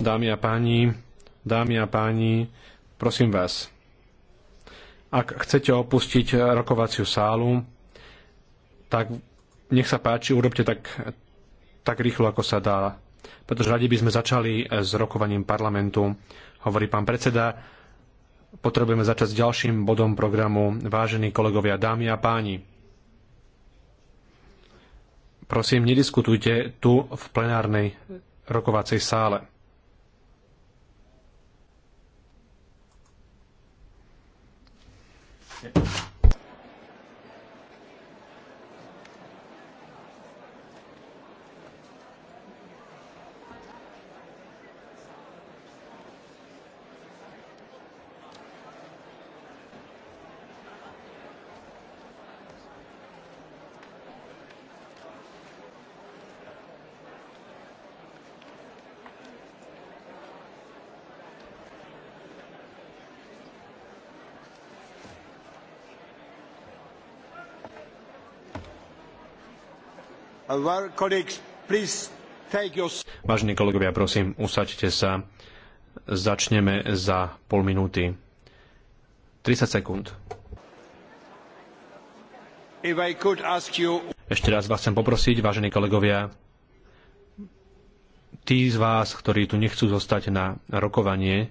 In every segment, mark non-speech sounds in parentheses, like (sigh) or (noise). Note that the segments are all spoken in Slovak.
Dámy a páni, dámy a páni, prosím vás, ak chcete opustiť rokovaciu sálu, tak nech sa páči, urobte tak, tak rýchlo, ako sa dá, pretože radi by sme začali s rokovaním parlamentu. Hovorí pán predseda, potrebujeme začať s ďalším bodom programu. Vážení kolegovia, dámy a páni, prosím, nediskutujte tu v plenárnej rokovacej sále. Ďakujem. Uh, vážení kolegovia, prosím, usaďte sa. Začneme za pol minúty. 30 sekúnd. Ešte raz vás chcem poprosiť, vážení kolegovia, tí z vás, ktorí tu nechcú zostať na rokovanie,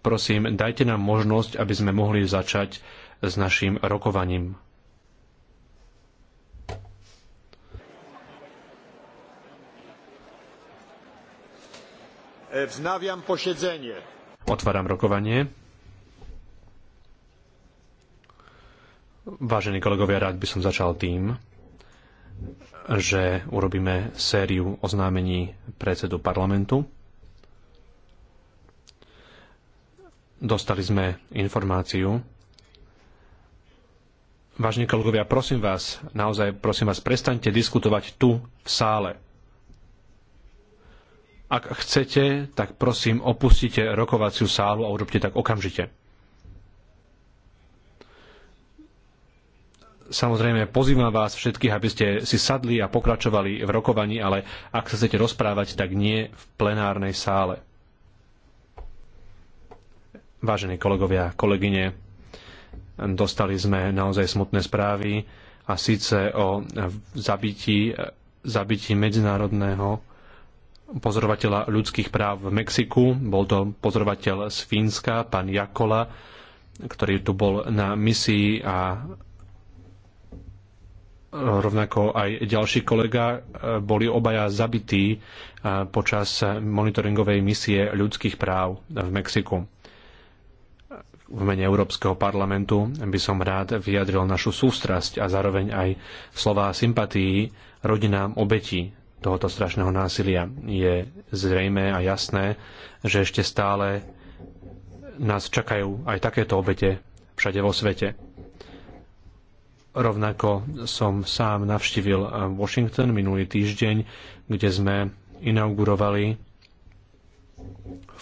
prosím, dajte nám možnosť, aby sme mohli začať s našim rokovaním. Vznaviam posiedzenie. Otváram rokovanie. Vážení kolegovia, rád by som začal tým, že urobíme sériu oznámení predsedu parlamentu. Dostali sme informáciu, Vážení kolegovia, prosím vás, naozaj prosím vás, prestaňte diskutovať tu v sále. Ak chcete, tak prosím, opustite rokovaciu sálu a urobte tak okamžite. Samozrejme, pozývam vás všetkých, aby ste si sadli a pokračovali v rokovaní, ale ak sa chcete rozprávať, tak nie v plenárnej sále. Vážení kolegovia, kolegyne, dostali sme naozaj smutné správy a síce o zabití, zabití medzinárodného pozorovateľa ľudských práv v Mexiku. Bol to pozorovateľ z Fínska, pán Jakola, ktorý tu bol na misii a rovnako aj ďalší kolega, e, boli obaja zabití e, počas monitoringovej misie ľudských práv v Mexiku. V mene Európskeho parlamentu by som rád vyjadril našu sústrasť a zároveň aj slová sympatií rodinám obetí tohoto strašného násilia. Je zrejme a jasné, že ešte stále nás čakajú aj takéto obete všade vo svete. Rovnako som sám navštívil Washington minulý týždeň, kde sme inaugurovali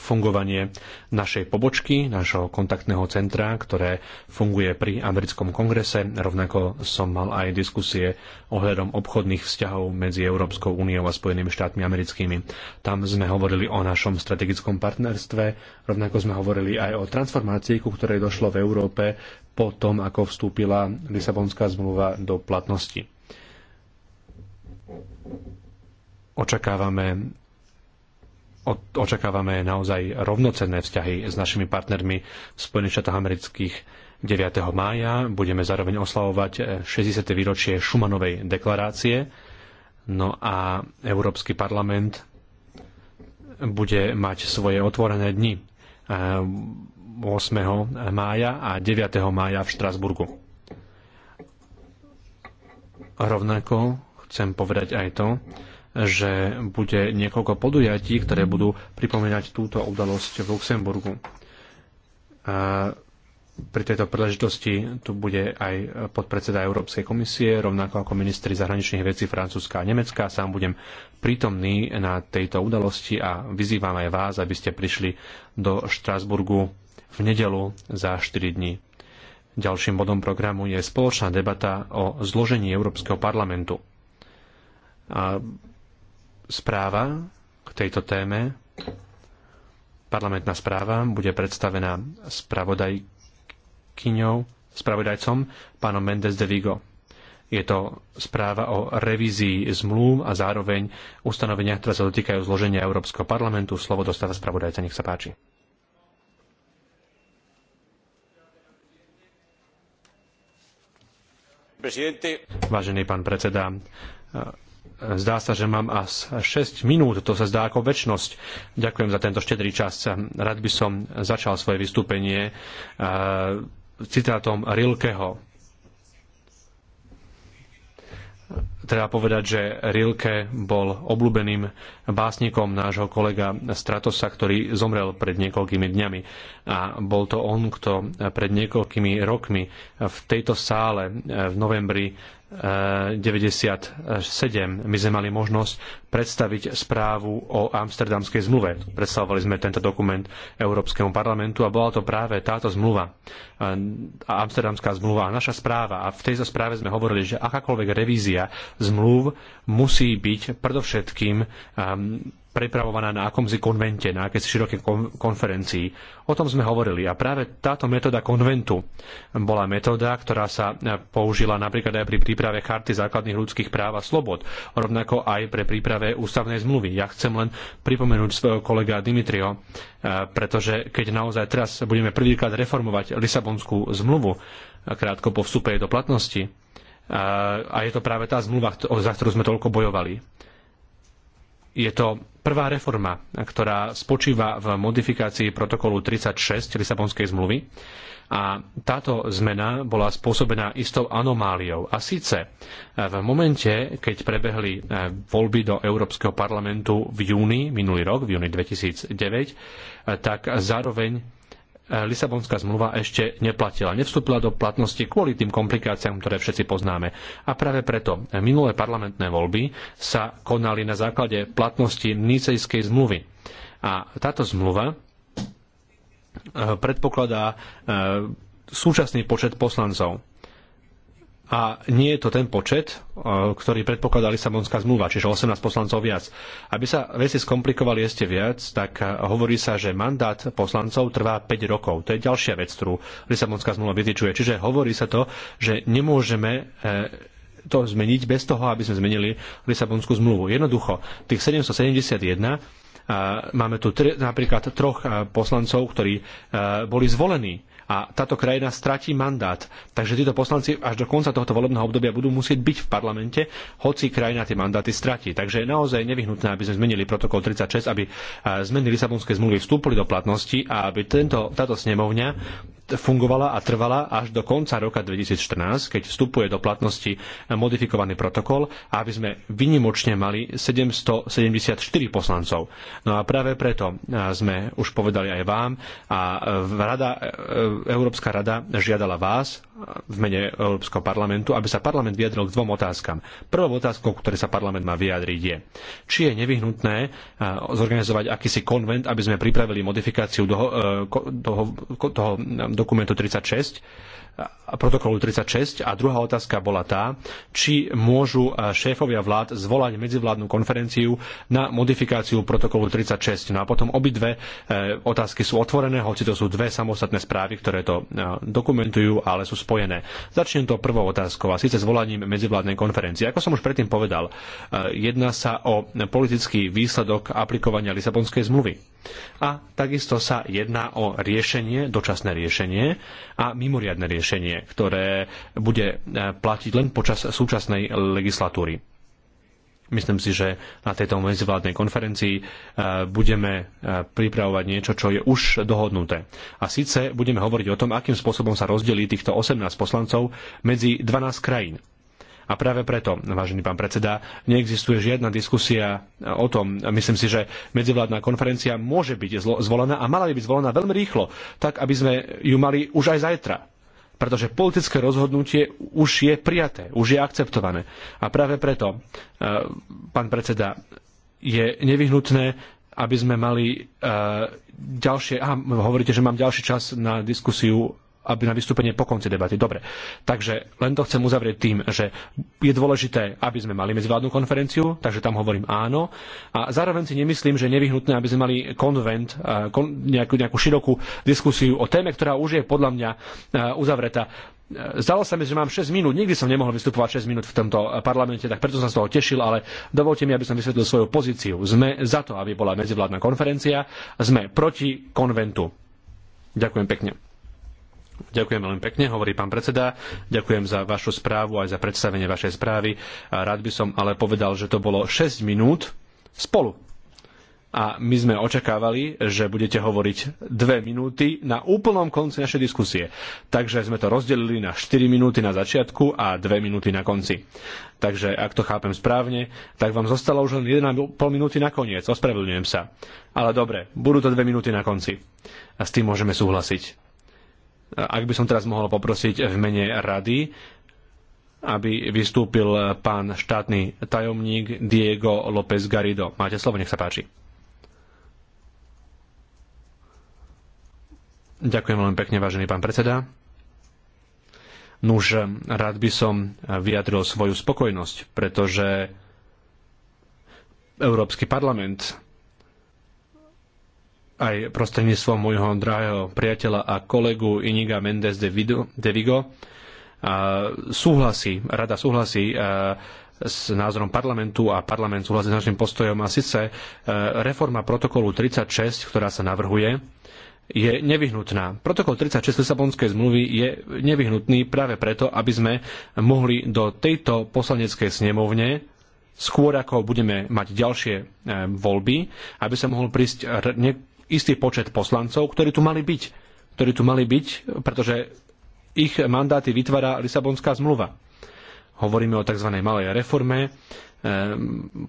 fungovanie našej pobočky, nášho kontaktného centra, ktoré funguje pri americkom kongrese. Rovnako som mal aj diskusie ohľadom obchodných vzťahov medzi Európskou úniou a Spojenými štátmi americkými. Tam sme hovorili o našom strategickom partnerstve, rovnako sme hovorili aj o transformácii, ku ktorej došlo v Európe po tom, ako vstúpila Lisabonská zmluva do platnosti. Očakávame očakávame naozaj rovnocenné vzťahy s našimi partnermi v Spojených štátoch amerických. 9. mája budeme zároveň oslavovať 60. Eh, výročie Šumanovej deklarácie. No a Európsky parlament bude mať svoje otvorené dni 8. Eh, mája a 9. mája v Štrasburgu. Rovnako chcem povedať aj to, že bude niekoľko podujatí, ktoré budú pripomínať túto udalosť v Luxemburgu. A pri tejto príležitosti tu bude aj podpredseda Európskej komisie, rovnako ako ministri zahraničných vecí Francúzska a Nemecka. Sám budem prítomný na tejto udalosti a vyzývam aj vás, aby ste prišli do Štrasburgu v nedelu za 4 dní. Ďalším bodom programu je spoločná debata o zložení Európskeho parlamentu. A správa k tejto téme, parlamentná správa, bude predstavená spravodajkyňou, spravodajcom, pánom Mendes de Vigo. Je to správa o revízii zmluv a zároveň ustanovenia, ktoré sa dotýkajú zloženia Európskeho parlamentu. Slovo dostáva spravodajca, nech sa páči. Vážený pán predseda, Zdá sa, že mám až 6 minút, to sa zdá ako väčnosť. Ďakujem za tento štedrý čas. Rád by som začal svoje vystúpenie e, citátom Rilkeho treba povedať, že Rilke bol obľúbeným básnikom nášho kolega Stratosa, ktorý zomrel pred niekoľkými dňami. A bol to on, kto pred niekoľkými rokmi v tejto sále eh, v novembri 97 eh, my sme mali možnosť predstaviť správu o Amsterdamskej zmluve. Predstavovali sme tento dokument Európskemu parlamentu a bola to práve táto zmluva, eh, a Amsterdamská zmluva a naša správa. A v tejto správe sme hovorili, že akákoľvek revízia zmluv musí byť predovšetkým um, prepravovaná na akomsi konvente, na akési širokej konferencii. O tom sme hovorili a práve táto metóda konventu bola metóda, ktorá sa e, použila napríklad aj pri príprave charty základných ľudských práv a slobod, rovnako aj pre príprave ústavnej zmluvy. Ja chcem len pripomenúť svojho kolega Dimitriho, e, pretože keď naozaj teraz budeme prvýkrát reformovať Lisabonskú zmluvu, krátko po vstupe do platnosti, a je to práve tá zmluva, za ktorú sme toľko bojovali. Je to prvá reforma, ktorá spočíva v modifikácii protokolu 36 Lisabonskej zmluvy a táto zmena bola spôsobená istou anomáliou. A síce e, v momente, keď prebehli e, voľby do Európskeho parlamentu v júni minulý rok, v júni 2009, e, tak zároveň Lisabonská zmluva ešte neplatila, nevstúpila do platnosti kvôli tým komplikáciám, ktoré všetci poznáme. A práve preto minulé parlamentné voľby sa konali na základe platnosti Nicejskej zmluvy. A táto zmluva e, predpokladá e, súčasný počet poslancov a nie je to ten počet, e, ktorý predpokladá Lisabonská zmluva, čiže 18 poslancov viac. Aby sa veci skomplikovali ešte viac, tak e, hovorí sa, že mandát poslancov trvá 5 rokov. To je ďalšia vec, ktorú Lisabonská zmluva vytýčuje. Čiže hovorí sa to, že nemôžeme e, to zmeniť bez toho, aby sme zmenili Lisabonskú zmluvu. Jednoducho, tých 771 máme tu tri, napríklad troch poslancov, ktorí boli zvolení a táto krajina stratí mandát. Takže títo poslanci až do konca tohto volebného obdobia budú musieť byť v parlamente, hoci krajina tie mandáty stratí. Takže je naozaj nevyhnutné, aby sme zmenili protokol 36, aby eh, zmeny Lisabonskej zmluvy vstúpili do platnosti a aby tento, táto snemovňa fungovala a trvala až do konca roka 2014, keď vstupuje do platnosti modifikovaný protokol aby sme vynimočne mali 774 poslancov. No a práve preto e, sme už povedali aj vám a e, rada, e, Európska rada žiadala vás v mene Európskeho parlamentu, aby sa parlament vyjadril k dvom otázkam. Prvou otázkou, ktoré sa parlament má vyjadriť je, či je nevyhnutné zorganizovať akýsi konvent, aby sme pripravili modifikáciu toho, toho, toho, toho dokumentu 36 protokolu 36 a druhá otázka bola tá, či môžu e, šéfovia vlád zvolať medzivládnu konferenciu na modifikáciu protokolu 36. No a potom obidve e, otázky sú otvorené, hoci to sú dve samostatné správy, ktoré to e, dokumentujú, ale sú spojené. Začnem to prvou otázkou a síce zvolaním medzivládnej konferencie. Ako som už predtým povedal, jedná sa o politický výsledok aplikovania Lisabonskej zmluvy. A takisto sa jedná o riešenie, dočasné riešenie a mimoriadne riešenie riešenie, ktoré bude eh, platiť len počas súčasnej legislatúry. Myslím si, že na tejto medzivládnej konferencii eh, budeme eh, pripravovať niečo, čo je už dohodnuté. A síce budeme hovoriť o tom, akým spôsobom sa rozdelí týchto 18 poslancov medzi 12 krajín. A práve preto, vážený pán predseda, neexistuje žiadna diskusia o tom. Myslím si, že medzivládna konferencia môže byť zvolená a mala by byť zvolená veľmi rýchlo, tak aby sme ju mali už aj zajtra pretože politické rozhodnutie už je prijaté, už je akceptované. A práve preto, e, pán predseda, je nevyhnutné aby sme mali e, ďalšie... Aha, hovoríte, že mám ďalší čas na diskusiu aby na vystúpenie po konci debaty. Dobre. Takže len to chcem uzavrieť tým, že je dôležité, aby sme mali medzivládnu konferenciu, takže tam hovorím áno. A zároveň si nemyslím, že je nevyhnutné, aby sme mali konvent, eh, nejakú, nejakú širokú diskusiu o téme, ktorá už je podľa mňa eh, uzavretá. Eh, zdalo sa mi, že mám 6 minút, nikdy som nemohol vystupovať 6 minút v tomto parlamente, tak preto som z toho tešil, ale dovolte mi, aby som vysvetlil svoju pozíciu. Sme za to, aby bola medzivládna konferencia, sme proti konventu. Ďakujem pekne. Ďakujem veľmi pekne, hovorí pán predseda. Ďakujem za vašu správu aj za predstavenie vašej správy. Rád by som ale povedal, že to bolo 6 minút spolu. A my sme očakávali, že budete hovoriť dve minúty na úplnom konci našej diskusie. Takže sme to rozdelili na 4 minúty na začiatku a 2 minúty na konci. Takže ak to chápem správne, tak vám zostalo už len 1,5 minúty na koniec. Ospravedlňujem sa. Ale dobre, budú to 2 minúty na konci. A s tým môžeme súhlasiť. Ak by som teraz mohol poprosiť v mene rady, aby vystúpil pán štátny tajomník Diego López Garrido. Máte slovo, nech sa páči. Ďakujem veľmi pekne, vážený pán predseda. Nuž, rád by som vyjadril svoju spokojnosť, pretože Európsky parlament aj prostredníctvom môjho drahého priateľa a kolegu Iniga Mendes de, Vido, de Vigo. A súhlasí, rada súhlasí a e, s názorom parlamentu a parlament súhlasí s našim postojom a síce e, reforma protokolu 36, ktorá sa navrhuje, je nevyhnutná. Protokol 36 Lisabonskej zmluvy je nevyhnutný práve preto, aby sme mohli do tejto poslaneckej snemovne skôr ako budeme mať ďalšie e, voľby, aby sa mohol prísť istý počet poslancov, ktorí tu mali byť. Ktorí tu mali byť, pretože ich mandáty vytvára Lisabonská zmluva. Hovoríme o tzv. malej reforme, eh,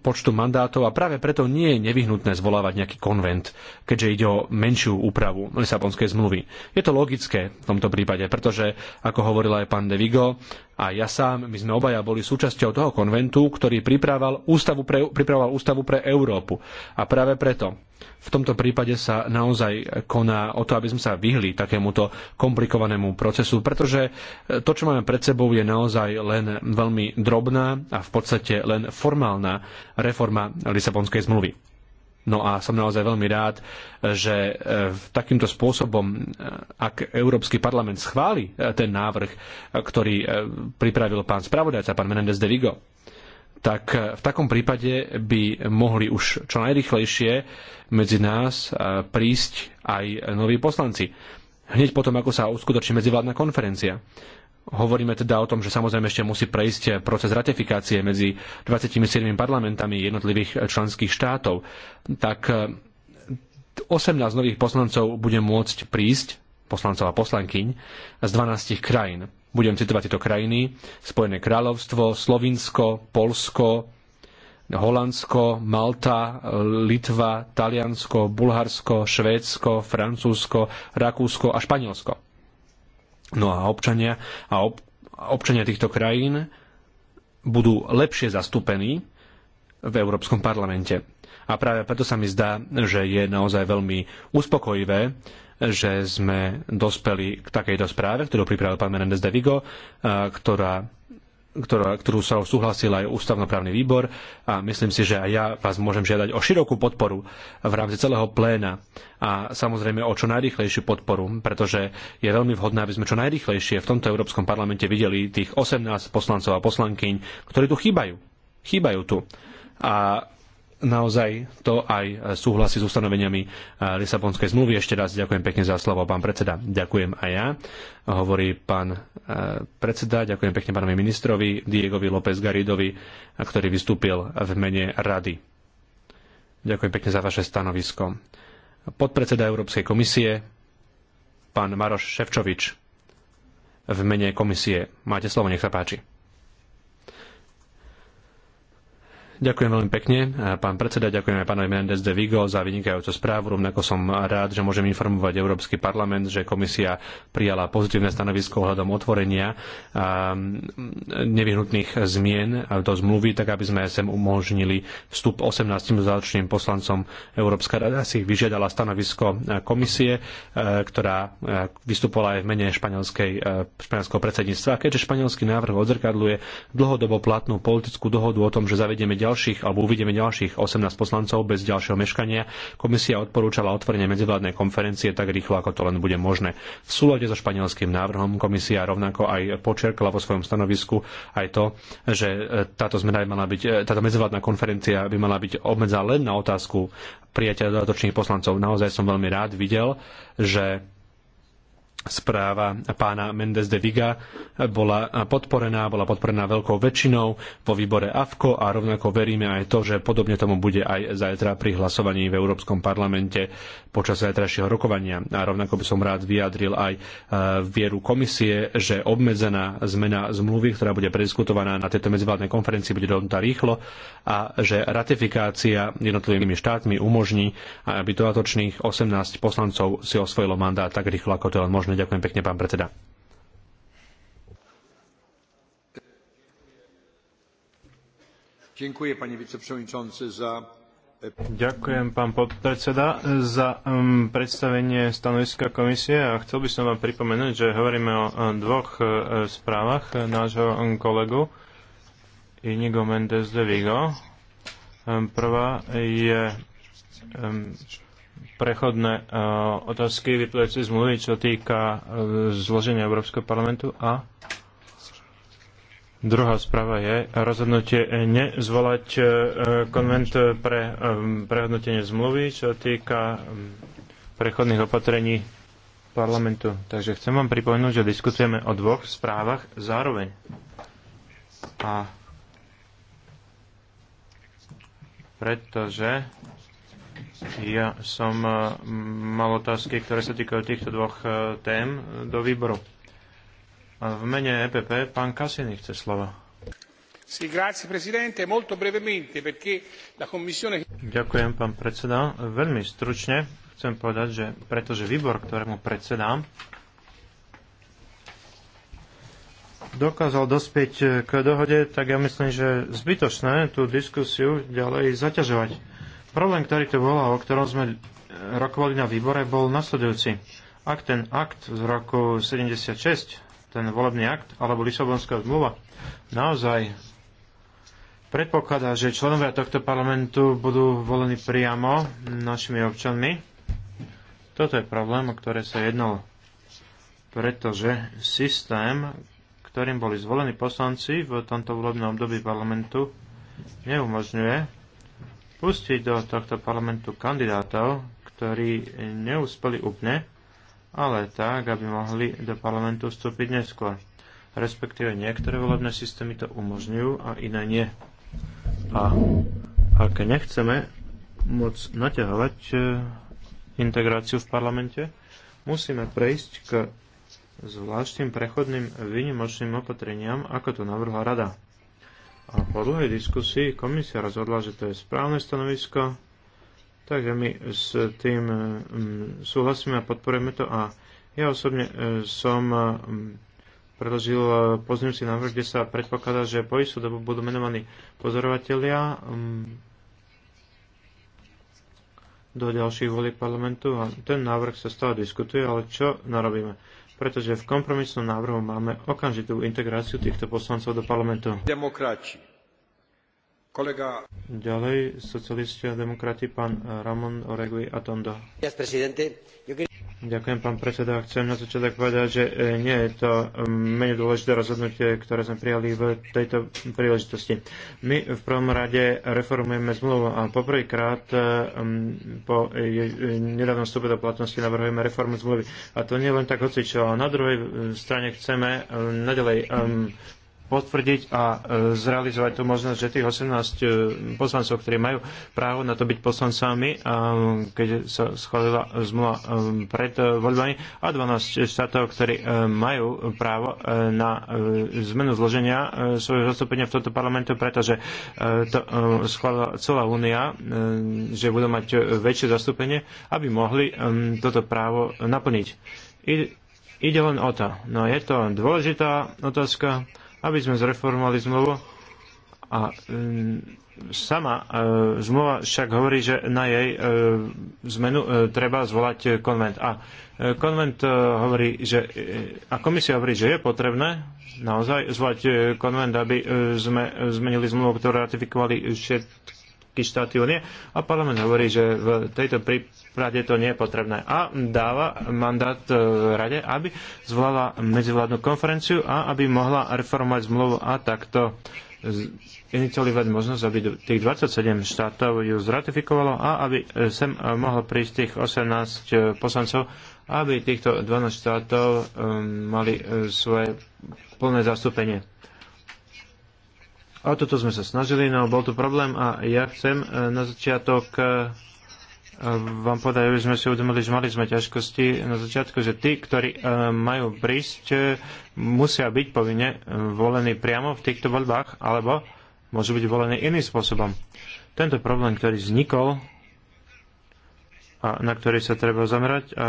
počtu mandátov a práve preto nie je nevyhnutné zvolávať nejaký konvent, keďže ide o menšiu úpravu Lisabonskej zmluvy. Je to logické v tomto prípade, pretože, ako hovoril aj pán De Vigo, a ja sám, my sme obaja boli súčasťou toho konventu, ktorý pripravoval ústavu pre, pripravoval ústavu pre Európu. A práve preto v tomto prípade sa naozaj koná o to, aby sme sa vyhli takémuto komplikovanému procesu, pretože e, to, čo máme pred sebou, je naozaj len veľmi drobná a v podstate len formálna reforma Lisabonskej zmluvy. No a som naozaj veľmi rád, že e, takýmto spôsobom, e, ak Európsky parlament schváli e, ten návrh, ktorý pripravil pán spravodajca, pán Menendez de Vigo, tak v takom prípade by mohli už čo najrychlejšie medzi nás prísť aj noví poslanci. Hneď potom, ako sa uskutoční medzivládna konferencia. Hovoríme teda o tom, že samozrejme ešte musí prejsť proces ratifikácie medzi 27 parlamentami jednotlivých členských štátov. Tak 18 e, nových poslancov bude môcť prísť, poslancov a poslankyň, z 12 krajín. Budem citovať tieto krajiny. Spojené kráľovstvo, Slovinsko, Polsko, Holandsko, Malta, Litva, Taliansko, Bulharsko, Švédsko, Francúzsko, Rakúsko a Španielsko. No a občania, a ob, občania týchto krajín budú lepšie zastúpení v Európskom parlamente. A práve preto sa mi zdá, že je naozaj veľmi uspokojivé, že sme dospeli k takejto správe, ktorú pripravil pán Menendez de Vigo, ktorá ktorú, ktorú sa súhlasil aj ústavnoprávny výbor a myslím si, že aj ja vás môžem žiadať o širokú podporu v rámci celého pléna a samozrejme o čo najrychlejšiu podporu, pretože je veľmi vhodné, aby sme čo najrychlejšie v tomto Európskom parlamente videli tých 18 poslancov a poslankyň, ktorí tu chýbajú. Chýbajú tu. A naozaj to aj súhlasí s ustanoveniami eh, Lisabonskej zmluvy. Ešte raz ďakujem pekne za slovo, pán predseda. Ďakujem aj ja, hovorí pán eh, predseda. Ďakujem pekne pánovi ministrovi Diegovi López Garidovi, ktorý vystúpil v mene rady. Ďakujem pekne za vaše stanovisko. Podpredseda Európskej komisie, pán Maroš Ševčovič, v mene komisie. Máte slovo, nech sa páči. Ďakujem veľmi pekne, e, pán predseda, ďakujem aj pánovi Mendes de Vigo za vynikajúcu správu. Rovnako som rád, že môžem informovať Európsky parlament, že komisia prijala pozitívne stanovisko ohľadom otvorenia ehm, nevyhnutných zmien do zmluvy, tak aby sme sem umožnili vstup 18 záročným poslancom Európska rada si vyžiadala stanovisko e, komisie, e, ktorá vystupovala aj v mene španielskej, španielského predsedníctva. Keďže španielský návrh odzrkadluje dlhodobo platnú politickú dohodu o tom, že zavedieme ďalšie ďalších, alebo uvidíme ďalších 18 poslancov bez ďalšieho meškania. Komisia odporúčala otvorenie medzivládnej konferencie tak rýchlo, ako to len bude možné. V súlade so španielským návrhom komisia rovnako aj počerkla vo svojom stanovisku aj to, že e, táto zmena by mala byť, e, táto medzivládna konferencia by mala byť obmedzená len na otázku prijatia dodatočných poslancov. Naozaj som veľmi rád videl, že správa pána Mendes de Viga bola podporená, bola podporená veľkou väčšinou vo výbore AFKO a rovnako veríme aj to, že podobne tomu bude aj zajtra pri hlasovaní v Európskom parlamente počas zajtrajšieho rokovania. A rovnako by som rád vyjadril aj e, vieru komisie, že obmedzená zmena zmluvy, ktorá bude prediskutovaná na tejto medzivládnej konferencii, bude dohodnutá rýchlo a že ratifikácia jednotlivými štátmi umožní, aby dodatočných 18 poslancov si osvojilo mandát tak rýchlo, ako to je len možné pekne, ďakujem pekne, pán predseda. Ďakujem, pani viceprzewodniczący, za e, Ďakujem, pán podpredseda, za um, predstavenie stanoviska komisie a chcel by som vám pripomenúť, že hovoríme o dvoch e, správach nášho um, kolegu Inigo Mendes de Vigo. Um, prvá je prechodné e, otázky vyplývajúce z mluvy, čo týka e, zloženia Európskeho parlamentu a Druhá správa je rozhodnutie nezvolať e, konvent pre prehodnotenie zmluvy, čo týka prechodných opatrení parlamentu. Takže chcem vám pripomenúť, že diskutujeme o dvoch správach zároveň. A pretože ja som e, mal otázky, ktoré sa týkajú týchto dvoch e, tém e, do výboru. A v mene EPP pán Kasiny chce slova. Ďakujem, pán predseda. Veľmi stručne chcem povedať, že pretože výbor, ktorému predsedám, dokázal dospieť k dohode, tak ja myslím, že zbytočné tú diskusiu ďalej zaťažovať Problém, ktorý tu bol a o ktorom sme e, rokovali na výbore, bol nasledujúci. Ak ten akt z roku 76, ten volebný akt, alebo Lisabonská zmluva, naozaj predpokladá, že členovia tohto parlamentu budú volení priamo našimi občanmi, toto je problém, o ktoré sa jednalo. Pretože systém, ktorým boli zvolení poslanci v tomto volebnom období parlamentu, neumožňuje pustiť do tohto parlamentu kandidátov, ktorí neúspeli úplne, ale tak, aby mohli do parlamentu vstúpiť neskôr. Respektíve niektoré volebné systémy to umožňujú a iné nie. A ak nechceme moc naťahovať e, integráciu v parlamente, musíme prejsť k zvláštnym prechodným výnimočným opatreniam, ako to navrhla Rada. A po dlhej diskusii komisia rozhodla, že to je správne stanovisko, takže my s tým mm, súhlasíme a podporujeme to a ja osobne e, som mm, predložil si návrh, kde sa predpokladá, že po istú dobu budú menovaní pozorovatelia mm, do ďalších volí parlamentu a ten návrh sa stále diskutuje, ale čo narobíme? Pretože v kompromisnom návrhu máme okamžitú integráciu týchto poslancov do parlamentu. Demokrati. Kolega... Ďalej, socialisti a demokrati, pán Ramon Oregui Atondo. Yes, Ďakujem, pán predseda. Chcem na začiatok povedať, že e, nie je to menej dôležité rozhodnutie, ktoré sme prijali v tejto príležitosti. My v prvom rade reformujeme zmluvu a poprvýkrát e, po e, nedávnom vstupe do platnosti navrhujeme reformu zmluvy. A to nie je len tak hocičo. Na druhej strane chceme nadalej potvrdiť a e, zrealizovať tú možnosť, že tých 18 e, poslancov, ktorí majú právo na to byť poslancami, keď sa schválila zmluva e, pred voľbami, a 12 štátov, ktorí majú právo na zmenu zloženia svojho zastúpenia v tomto parlamentu, pretože to schválila celá únia, že budú mať väčšie zastúpenie, aby mohli toto právo naplniť. Ide len o to. No je to dôležitá otázka aby sme zreformovali zmluvu. A mm, sama e, zmluva však hovorí, že na jej e, zmenu e, treba zvolať konvent. A konvent hovorí, že, a komisia hovorí, že je potrebné naozaj zvolať konvent, aby sme zmenili zmluvu, ktorú ratifikovali všetky štáty únie. A parlament hovorí, že v tejto prípade v rade to nie je potrebné. A dáva mandát e, rade, aby zvolala medzivládnu konferenciu a aby mohla reformovať zmluvu a takto iniciovať možnosť, aby tých 27 štátov ju zratifikovalo a aby e, sem e, mohlo prísť tých 18 poslancov, aby týchto 12 štátov mali svoje plné zastúpenie. O toto sme sa snažili, no bol tu problém a ja chcem na začiatok vám povedať, aby sme si uvedomili, že mali sme ťažkosti na začiatku, že tí, ktorí e, majú prísť, e, musia byť povinne e, volení priamo v týchto voľbách, alebo môžu byť volení iným spôsobom. Tento problém, ktorý vznikol a na ktorý sa treba zamerať a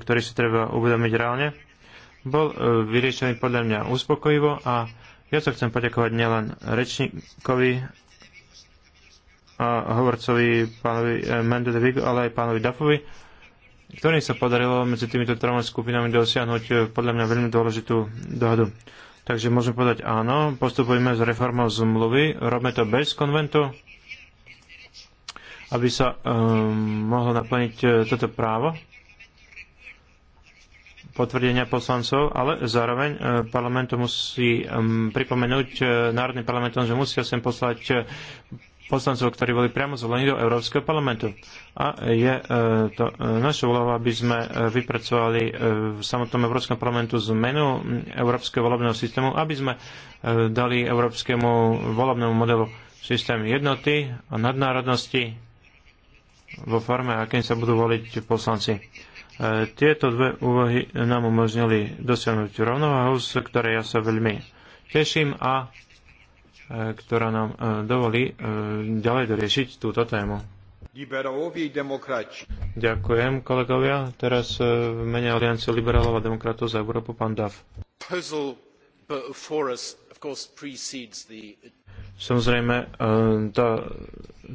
ktorý sa treba uvedomiť reálne, bol vyriešený podľa mňa uspokojivo a ja sa chcem poďakovať nielen rečníkovi a hovorcovi pánovi eh, Mendelevi, ale aj pánovi Dafovi, ktorým sa podarilo medzi týmito troma skupinami dosiahnuť eh, podľa mňa veľmi dôležitú dohodu. Takže môžem povedať áno, postupujeme s reformou zmluvy, robme to bez konventu, aby sa um, mohlo naplniť toto právo potvrdenia poslancov, ale zároveň parlamentu musí mm, pripomenúť národným parlamentom, že musia sem poslať poslancov, ktorí boli priamo zvolení do Európskeho parlamentu. A je e, to e, naša úloha, aby sme e, vypracovali v samotnom Európskom parlamentu zmenu Európskeho volebného systému, aby sme dali Európskemu volebnému modelu systém jednoty a nadnárodnosti vo forme, akým sa budú voliť poslanci. Tieto dve úlohy nám umožnili dosiahnuť rovnováhu, z ktorej ja sa veľmi teším a E, ktorá nám e, dovolí e, ďalej doriešiť túto tému. Ďakujem, kolegovia. Teraz v mene Aliancie liberálov a demokratov za Európu pán Dav. Samozrejme, to,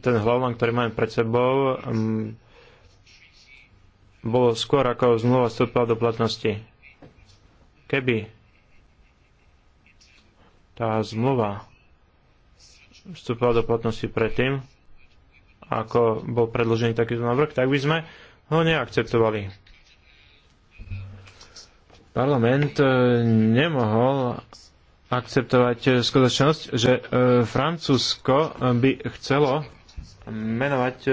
ten hlavlán, ktorý máme pred sebou, bolo skôr ako zmluva vstúpila do platnosti. Keby tá zmluva vstúpila do platnosti predtým, ako bol predložený takýto návrh, tak by sme ho neakceptovali. Parlament e, nemohol akceptovať skutočnosť, že e, Francúzsko by chcelo menovať e,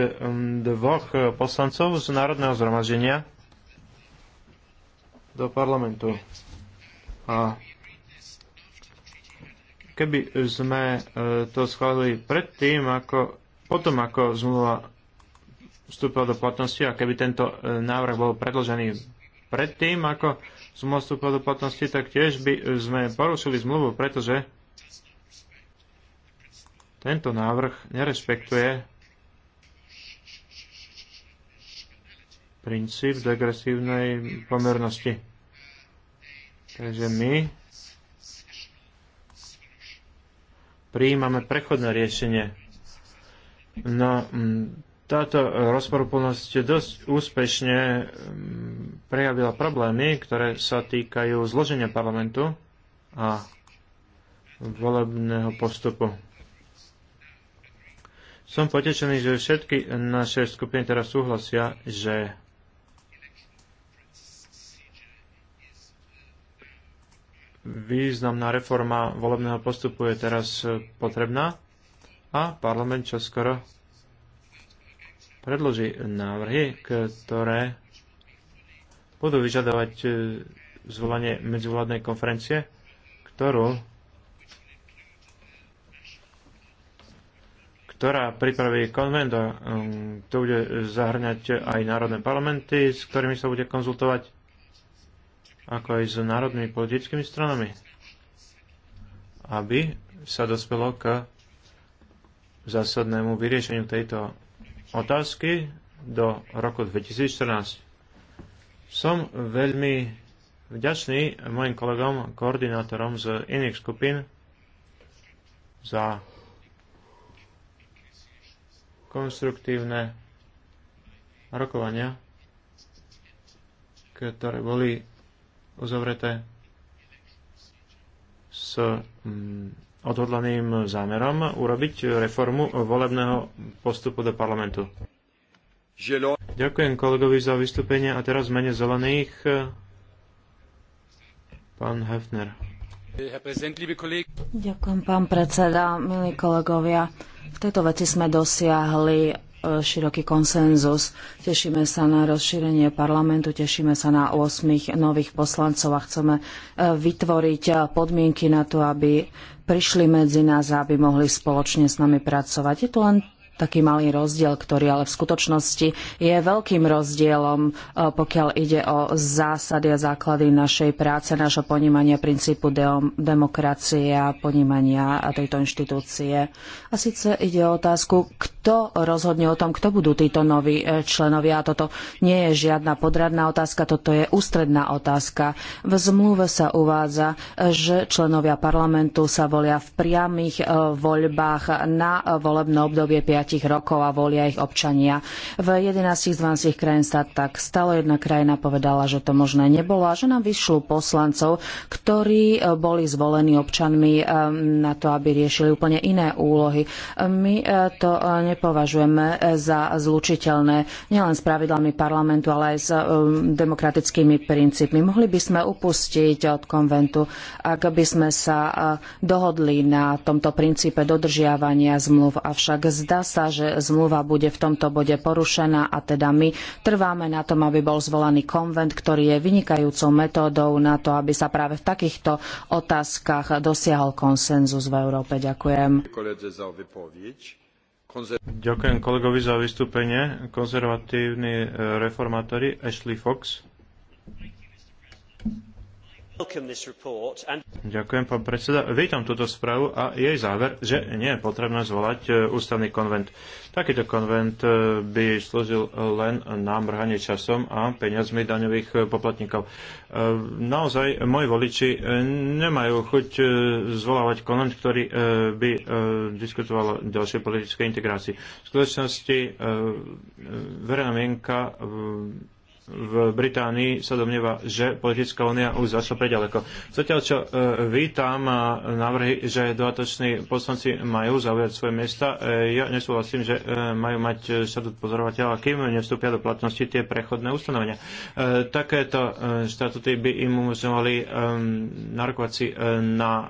dvoch poslancov z Národného zhromaždenia do parlamentu. A Keby sme e, to schválili predtým, ako, potom ako zmluva vstúpila do platnosti a keby tento e, návrh bol predložený predtým, ako zmluva vstúpila do platnosti, tak tiež by sme porušili zmluvu, pretože tento návrh nerespektuje princíp degresívnej pomernosti. Takže my prijímame prechodné riešenie. No, mm, táto rozporúplnosť dosť úspešne mm, prejavila problémy, ktoré sa týkajú zloženia parlamentu a volebného postupu. Som potešený, že všetky naše skupiny teraz súhlasia, že významná reforma volebného postupu je teraz e, potrebná a parlament čoskoro predloží návrhy, ktoré budú vyžadovať e, zvolanie medzivládnej konferencie, ktorú ktorá pripraví konvent a mm, to bude zahrňať aj národné parlamenty, s ktorými sa bude konzultovať ako aj s národnými politickými stranami, aby sa dospelo k zásadnému vyriešeniu tejto otázky do roku 2014. Som veľmi vďačný mojim kolegom, koordinátorom z iných skupín za konstruktívne rokovania, ktoré boli uzavreté s mm, odhodlaným zámerom urobiť reformu volebného postupu do parlamentu. Ďakujem kolegovi za vystúpenie a teraz v mene zelených pán Hefner. Ďakujem, pán predseda, milí kolegovia. V tejto veci sme dosiahli E, široký konsenzus. Tešíme sa na rozšírenie parlamentu, tešíme sa na 8 nových poslancov a chceme e, vytvoriť e, podmienky na to, aby prišli medzi nás a aby mohli spoločne s nami pracovať. Je to len taký malý rozdiel, ktorý ale v skutočnosti je veľkým rozdielom, e, pokiaľ ide o zásady a základy našej práce, našho ponímania princípu de- demokracie a ponímania tejto inštitúcie. A síce ide o otázku, kto rozhodne o tom, kto budú títo noví e, členovia. A toto nie je žiadna podradná otázka, toto je ústredná otázka. V zmluve sa uvádza, že členovia parlamentu sa volia v priamých e, voľbách na volebné obdobie 5 rokov a volia ich občania. V 11 z 12 krajín sa tak stalo. Jedna krajina povedala, že to možné nebolo a že nám vyšlo poslancov, ktorí e, boli zvolení občanmi e, na to, aby riešili úplne iné úlohy. My e, to nepovažujeme za zlučiteľné nielen s pravidlami parlamentu, ale aj s demokratickými princípmi. Mohli by sme upustiť od konventu, ak by sme sa dohodli na tomto princípe dodržiavania zmluv. Avšak zdá sa, sa, že zmluva bude v tomto bode porušená a teda my trváme na tom, aby bol zvolaný konvent, ktorý je vynikajúcou metódou na to, aby sa práve v takýchto otázkach dosiahol konsenzus v Európe. Ďakujem. Ďakujem kolegovi za vystúpenie. Konzervatívni eh, reformátori Ashley Fox. Ďakujem, pán predseda. Vítam túto správu a jej záver, že nie je potrebné zvolať e, ústavný konvent. Takýto konvent e, by slúžil len na mrhanie časom a peniazmi daňových e, poplatníkov. Naozaj, moji voliči nemajú chuť zvolávať konvent, ktorý by diskutoval o ďalšej politickej integrácii. V skutočnosti verejná mienka v Británii sa domnieva, že politická únia už zašla preďaleko. Zatiaľ, čo e, vítam e, návrhy, že dodatoční poslanci majú zaujať svoje miesta, e, ja nesúhlasím, že e, majú mať e, štatút pozorovateľa, kým nevstúpia do platnosti tie prechodné ustanovenia. E, takéto e, štatuty by im umožňovali e, narokovať si e, na e,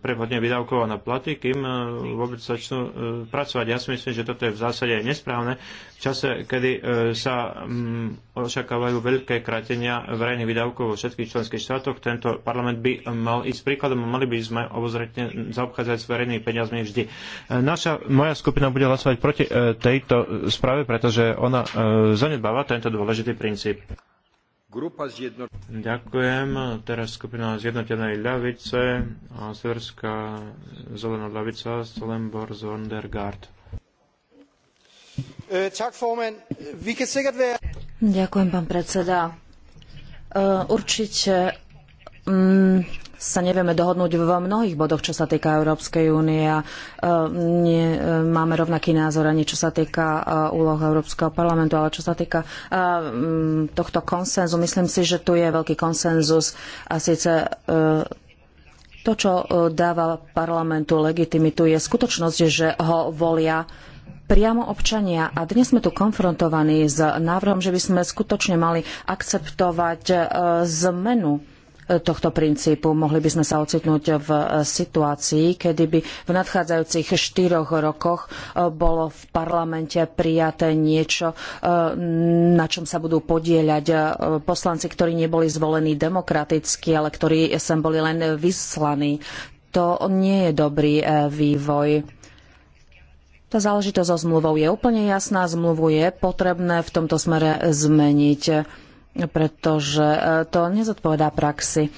prevhodne výdavkov a na platy, kým e, vôbec začnú e, pracovať. Ja si myslím, že toto je v zásade nesprávne v čase, kedy e, sa m, mm, očakávajú veľké kratenia verejných výdavkov vo všetkých členských štátoch. Tento parlament by mal ísť príkladom a mali by sme obozretne zaobchádzať s verejnými peniazmi vždy. Naša, moja skupina bude hlasovať proti e, tejto správe, pretože ona e, zanedbáva tento dôležitý princíp. Grupa zjedno... Ďakujem. Teraz skupina Zjednotenej ľavice a Severská zelená ľavica Solenbor Zondergaard. E, tak, formand. Vy keď sikkert være... Ďakujem, pán predseda. E, určite mm, sa nevieme dohodnúť vo mnohých bodoch, čo sa týka Európskej únie a e, e, máme rovnaký názor ani čo sa týka úloh Európskeho parlamentu, ale čo sa týka mm, tohto konsenzu, myslím si, že tu je veľký konsenzus a síce to, čo dáva parlamentu legitimitu, je skutočnosť, že ho volia priamo občania. A dnes sme tu konfrontovaní s návrhom, že by sme skutočne mali akceptovať e, zmenu e, tohto princípu. Mohli by sme sa ocitnúť v e, situácii, kedy by v nadchádzajúcich štyroch rokoch bolo v parlamente prijaté niečo, na čom sa budú podieľať poslanci, ktorí neboli zvolení demokraticky, ale ktorí sem boli len vyslaní. To nie je dobrý vývoj tá záležitosť so zmluvou je úplne jasná. Zmluvu je potrebné v tomto smere zmeniť pretože e, to nezodpovedá praxi. E,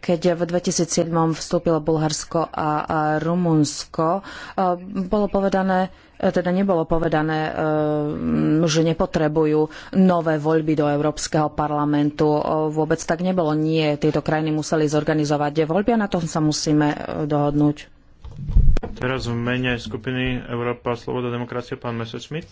keď v 2007 vstúpilo Bulharsko a Rumunsko, e, bolo povedané, teda nebolo povedané, že nepotrebujú nové voľby do Európskeho parlamentu. Vôbec tak nebolo. Nie, tieto krajiny museli zorganizovať voľby a na tom sa musíme dohodnúť. Teraz v mene skupiny Európa, Sloboda, Demokracia, pán Messerschmidt.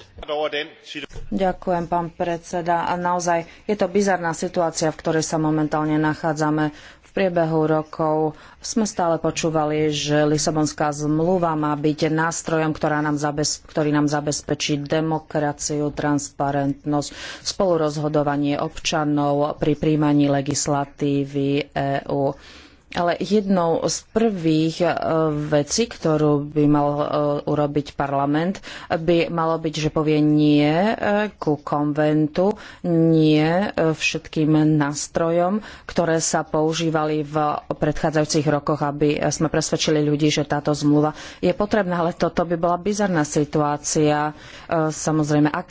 Ďakujem, pán predseda. A naozaj je to bizarná situácia, v ktorej sa momentálne nachádzame. V priebehu rokov sme stále počúvali, že Lisabonská zmluva má byť nástrojom, nám zabez, ktorý nám zabezpečí demokraciu, transparentnosť, spolurozhodovanie občanov pri príjmaní legislatívy EÚ. Ale jednou z prvých e, vecí, ktorú by mal e, urobiť parlament, by malo byť, že povie nie e, ku konventu, nie všetkým nástrojom, ktoré sa používali v predchádzajúcich rokoch, aby sme presvedčili ľudí, že táto zmluva je potrebná. Ale toto by bola bizarná situácia. Samozrejme, ak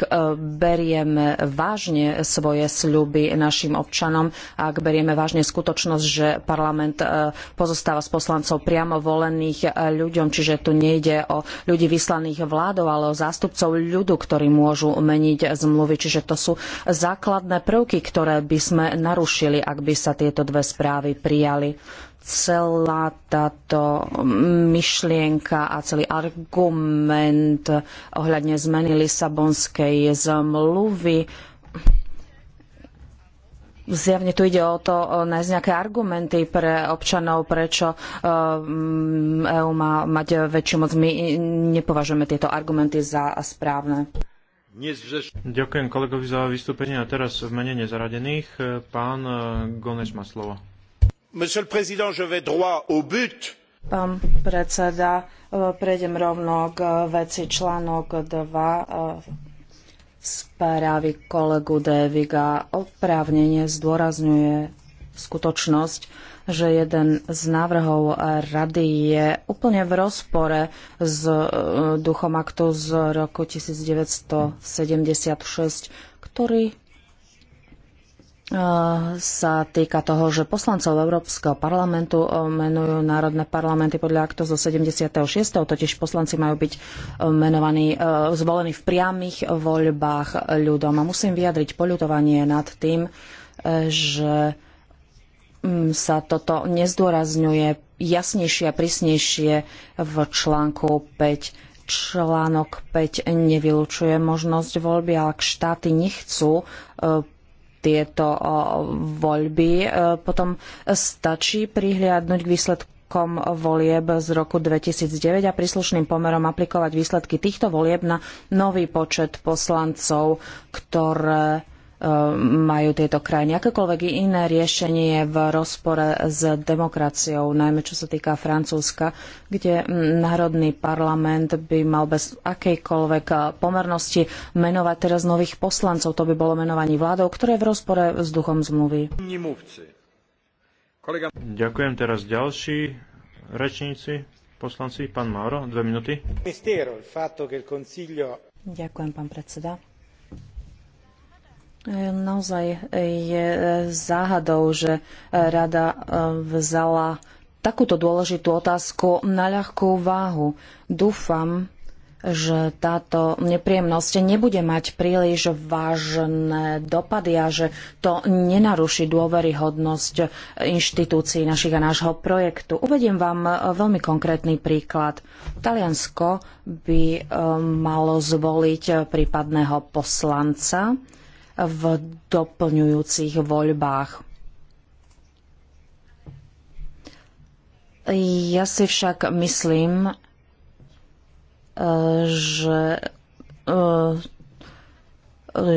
berieme vážne svoje sľuby našim občanom, ak berieme vážne skutočnosť, že parlament E, pozostáva z poslancov priamo volených e, ľuďom, čiže tu nejde o ľudí vyslaných vládou, ale o zástupcov ľudu, ktorí môžu meniť zmluvy. Čiže to sú základné prvky, ktoré by sme narušili, ak by sa tieto dve správy prijali celá táto myšlienka a celý argument ohľadne zmeny Lisabonskej zmluvy Zjavne tu ide o to nájsť nejaké argumenty pre občanov, prečo EÚ e má mať väčšiu moc. My nepovažujeme tieto argumenty za správne. Ďakujem kolegovi za vystúpenie a teraz v mene nezaradených e, pán e, Gones má slovo. Monsieur le Président, je vais droit au but. Pán predseda, prejdem rovno k veci článok 2 správy kolegu Deviga oprávnenie zdôrazňuje skutočnosť, že jeden z návrhov rady je úplne v rozpore s e, duchom aktu z roku 1976, ktorý sa týka toho, že poslancov Európskeho parlamentu eh, menujú národné parlamenty podľa aktu zo 76. Totiž poslanci majú byť eh, menovaní, eh, zvolení v priamých voľbách ľudom. A musím vyjadriť poľutovanie nad tým, že mm, sa toto nezdôrazňuje jasnejšie a prísnejšie v článku 5 článok 5 nevylučuje možnosť voľby, ale ak štáty nechcú tieto voľby. E, potom stačí prihliadnúť k výsledkom volieb z roku 2009 a príslušným pomerom aplikovať výsledky týchto volieb na nový počet poslancov, ktoré majú tieto krajiny. Akékoľvek iné riešenie je v rozpore s demokraciou, najmä čo sa týka Francúzska, kde Národný parlament by mal bez akejkoľvek pomernosti menovať teraz nových poslancov. To by bolo menovanie vládou, ktoré je v rozpore s duchom zmluvy. Ďakujem teraz ďalší rečníci, poslanci, pán Mauro, dve minúty. Ďakujem, pán predseda E, naozaj e, je e, záhadou, že rada vzala takúto dôležitú otázku na ľahkú váhu. Dúfam, že táto nepríjemnosť nebude mať príliš vážne dopady a že to nenaruší dôveryhodnosť inštitúcií našich a nášho projektu. Uvediem vám veľmi konkrétny príklad. Taliansko by malo zvoliť prípadného poslanca v doplňujúcich voľbách. Ja si však myslím, eh, že eh,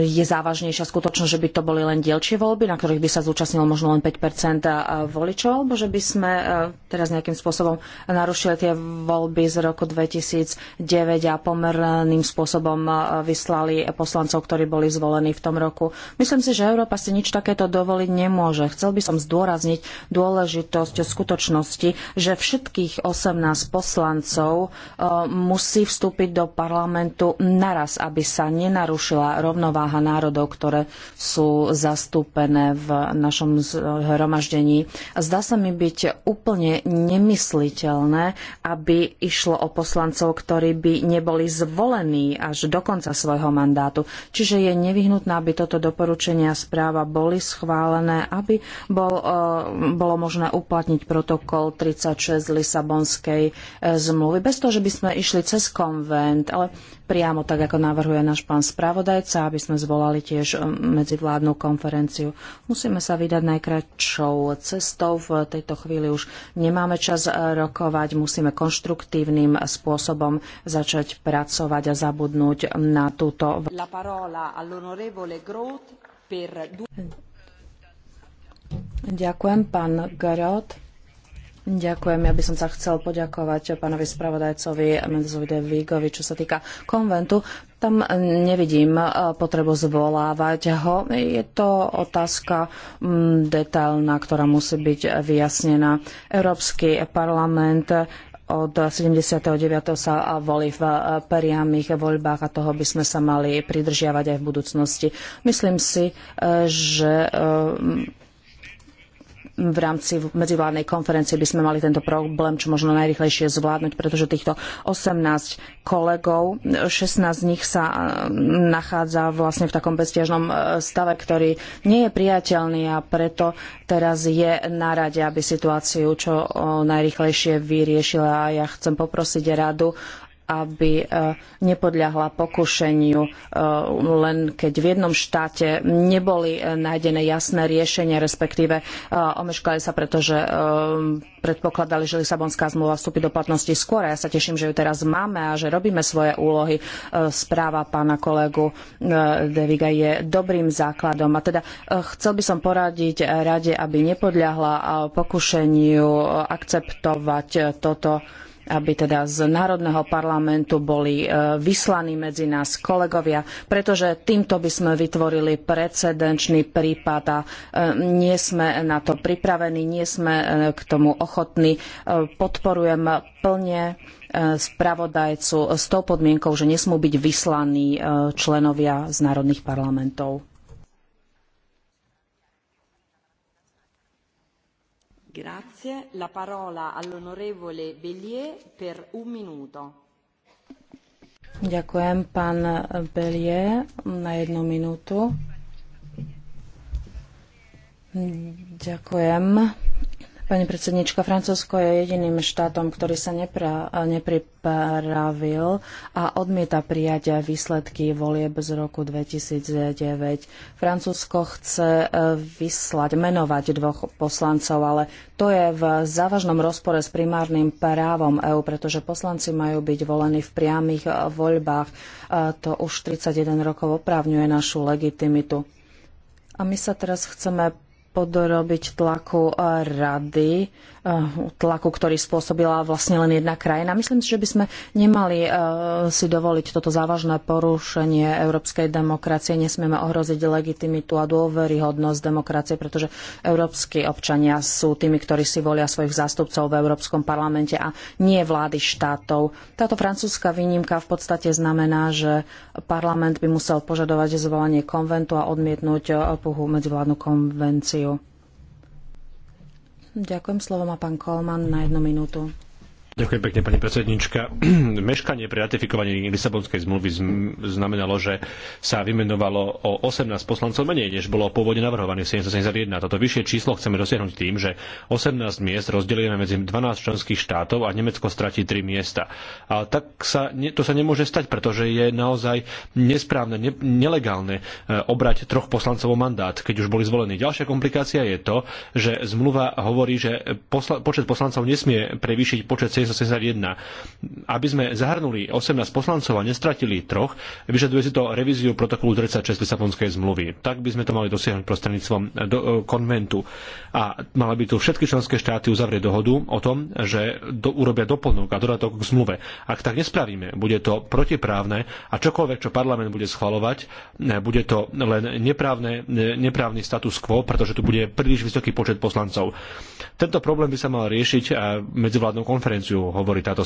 je závažnejšia skutočnosť, že by to boli len dielčie voľby, na ktorých by sa zúčastnilo možno len 5 e, voličov, alebo že by sme e, teraz nejakým spôsobom narušili tie voľby z roku 2009 a pomerným spôsobom e, vyslali poslancov, ktorí boli zvolení v tom roku. Myslím si, že Európa si nič takéto dovoliť nemôže. Chcel by som zdôrazniť dôležitosť skutočnosti, že všetkých 18 poslancov musí vstúpiť do parlamentu naraz, aby sa nenarušila rovnosť rovnováha národov, ktoré sú zastúpené v našom zhromaždení. Zdá sa mi byť úplne nemysliteľné, aby išlo o poslancov, ktorí by neboli zvolení až do konca svojho mandátu. Čiže je nevyhnutné, aby toto doporučenia správa boli schválené, aby bol, e, bolo možné uplatniť protokol 36 Lisabonskej e, zmluvy. Bez toho, že by sme išli cez konvent, ale priamo tak, ako navrhuje náš pán spravodajca, aby sme zvolali tiež um, medzivládnu konferenciu. Musíme sa vydať najkračšou cestou. V tejto chvíli už nemáme čas uh, rokovať. Musíme konštruktívnym uh, spôsobom začať pracovať a zabudnúť na túto. La parola all'onorevole Groth per... Ďakujem, pán Grot. Ďakujem. Ja by som sa chcel poďakovať pánovi spravodajcovi Mendezovi de Vigovi, čo sa týka konventu. Tam nevidím e, potrebu zvolávať ho. Je to otázka detailná, ktorá musí byť vyjasnená. Európsky parlament od 79. sa volí v e, priamých voľbách a toho by sme sa mali pridržiavať aj v budúcnosti. Myslím si, e, že v rámci medzivládnej konferencie by sme mali tento problém čo možno najrychlejšie zvládnuť, pretože týchto 18 kolegov, 16 z nich sa e, nachádza vlastne v takom bezťažnom e, stave, ktorý nie je priateľný a preto teraz je na rade, aby situáciu čo najrychlejšie vyriešila. A ja chcem poprosiť radu aby e, nepodľahla pokušeniu, e, len keď v jednom štáte neboli e, nájdené jasné riešenia, respektíve omeškali sa, pretože predpokladali, že Lisabonská zmluva vstúpi do platnosti skôr. Ja sa teším, že ju teraz máme a že robíme svoje úlohy. Správa pána kolegu Deviga je dobrým základom. A teda chcel by som poradiť rade, aby nepodľahla pokušeniu akceptovať toto aby teda z Národného parlamentu boli e, vyslaní medzi nás kolegovia, pretože týmto by sme vytvorili precedenčný prípad a e, nie sme na to pripravení, nie sme e, k tomu ochotní. Podporujem plne spravodajcu s tou podmienkou, že nesmú byť vyslaní členovia z národných parlamentov. Grazie. Grazie. La parola all'onorevole Bellier per un minuto. Ďakujem, pán Belie, na jednu Pani predsednička, Francúzsko je jediným štátom, ktorý sa nepra, nepripravil a odmieta prijať výsledky volieb z roku 2009. Francúzsko chce e, vyslať, menovať dvoch poslancov, ale to je v závažnom rozpore s primárnym právom EÚ, pretože poslanci majú byť volení v priamých e, voľbách. E, to už 31 rokov oprávňuje našu legitimitu. A my sa teraz chceme podrobiť tlaku eh, rady Eh, tlaku, ktorý spôsobila vlastne len jedna krajina. Myslím si, že by sme nemali eh, si dovoliť toto závažné porušenie európskej demokracie. Nesmieme ohroziť legitimitu a dôveryhodnosť demokracie, pretože európsky občania sú tými, ktorí si volia svojich zástupcov v Európskom parlamente a nie vlády štátov. Táto francúzska výnimka v podstate znamená, že parlament by musel požadovať zvolanie konventu a odmietnúť opuhu eh, medzivládnu konvenciu. Ďakujem. Slovo má pán Kolman na jednu minútu. Ďakujem pekne, pani predsednička. (clears throat) Meškanie pri ratifikovaní Lisabonskej zmluvy znamenalo, že sa vymenovalo o 18 poslancov menej, než bolo pôvodne navrhovaných 771. Toto vyššie číslo chceme dosiahnuť tým, že 18 miest rozdelíme medzi 12 členských štátov a Nemecko stratí 3 miesta. A tak sa, to sa nemôže stať, pretože je naozaj nesprávne, ne, nelegálne eh, obrať troch poslancov o mandát, keď už boli zvolení. Ďalšia komplikácia je to, že zmluva hovorí, že posla, počet poslancov nesmie prevýšiť počet 1971. Aby sme zahrnuli 18 poslancov a nestratili troch, vyžaduje si to revíziu protokolu 36 Lisabonskej zmluvy. Tak by sme to mali dosiahnuť prostredníctvom eh, do, eh, konventu. A mala by tu všetky členské štáty uzavrieť dohodu o tom, že do, urobia doplnok a dodatok k zmluve. Ak tak nespravíme, bude to protiprávne a čokoľvek, čo parlament bude schvalovať, eh, bude to len neprávne, neprávny status quo, pretože tu bude príliš vysoký počet poslancov. Tento problém by sa mal riešiť medzivládnou konferenciou konvenciu hovorí táto,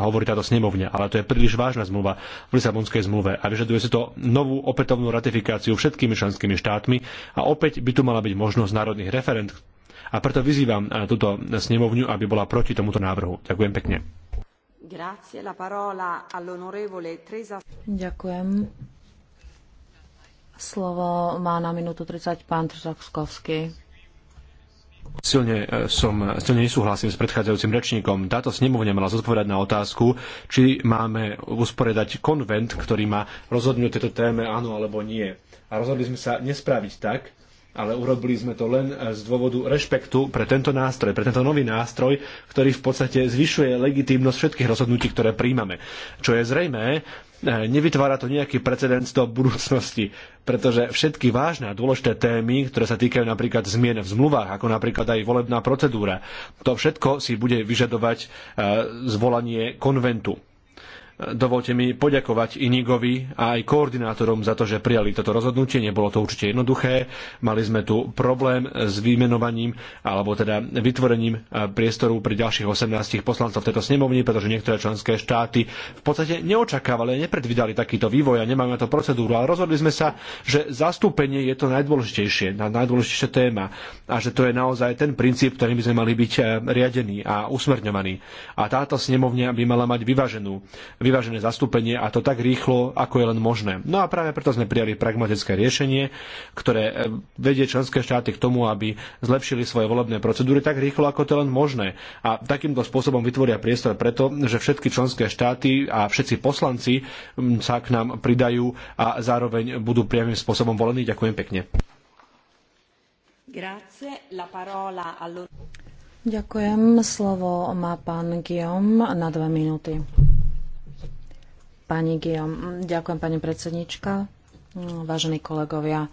hovorí táto snemovňa, ale to je príliš vážna zmluva v Lisabonskej zmluve a vyžaduje si to novú opätovnú ratifikáciu všetkými členskými štátmi a opäť by tu mala byť možnosť národných referent. A preto vyzývam eh, túto snemovňu, aby bola proti tomuto návrhu. Ďakujem pekne. Ďakujem. Slovo má na minútu 30 pán Trzakskovský. Silne, e, som, e, silne nesúhlasím s predchádzajúcim rečníkom. Táto snemovňa mala zodpovedať na otázku, či máme usporiadať konvent, ktorý má rozhodnúť tieto tejto téme áno alebo nie. A rozhodli sme sa nespraviť tak, ale urobili sme to len eh, z dôvodu rešpektu pre tento nástroj, pre tento nový nástroj, ktorý v podstate zvyšuje legitímnosť všetkých rozhodnutí, ktoré príjmame. Čo je zrejmé, eh, nevytvára to nejaký precedens do budúcnosti, pretože všetky vážne a dôležité témy, ktoré sa týkajú napríklad zmien v zmluvách, ako napríklad aj volebná procedúra, to všetko si bude vyžadovať eh, zvolanie konventu Dovolte mi poďakovať Inigovi a aj koordinátorom za to, že prijali toto rozhodnutie. Nebolo to určite jednoduché. Mali sme tu problém s vymenovaním alebo teda vytvorením eh, priestoru pri ďalších 18 poslancov v tejto snemovni, pretože niektoré členské štáty v podstate neočakávali a nepredvídali takýto vývoj a nemáme na to procedúru. Ale rozhodli sme sa, že zastúpenie je to najdôležitejšie, najdôležitejšia téma a že to je naozaj ten princíp, ktorým by sme mali byť eh, riadení a usmerňovaní. A táto snemovňa by mala mať vyváženú vyvážené zastúpenie a to tak rýchlo, ako je len možné. No a práve preto sme prijali pragmatické riešenie, ktoré e, vedie členské štáty k tomu, aby zlepšili svoje volebné procedúry tak rýchlo, ako to je len možné. A takýmto spôsobom vytvoria priestor preto, že všetky členské štáty a všetci poslanci sa k nám pridajú a zároveň budú priamým spôsobom volení. Ďakujem pekne. Ďakujem. Slovo má pán Guillaume na dve minúty. Pani ďakujem pani predsednička, vážení kolegovia.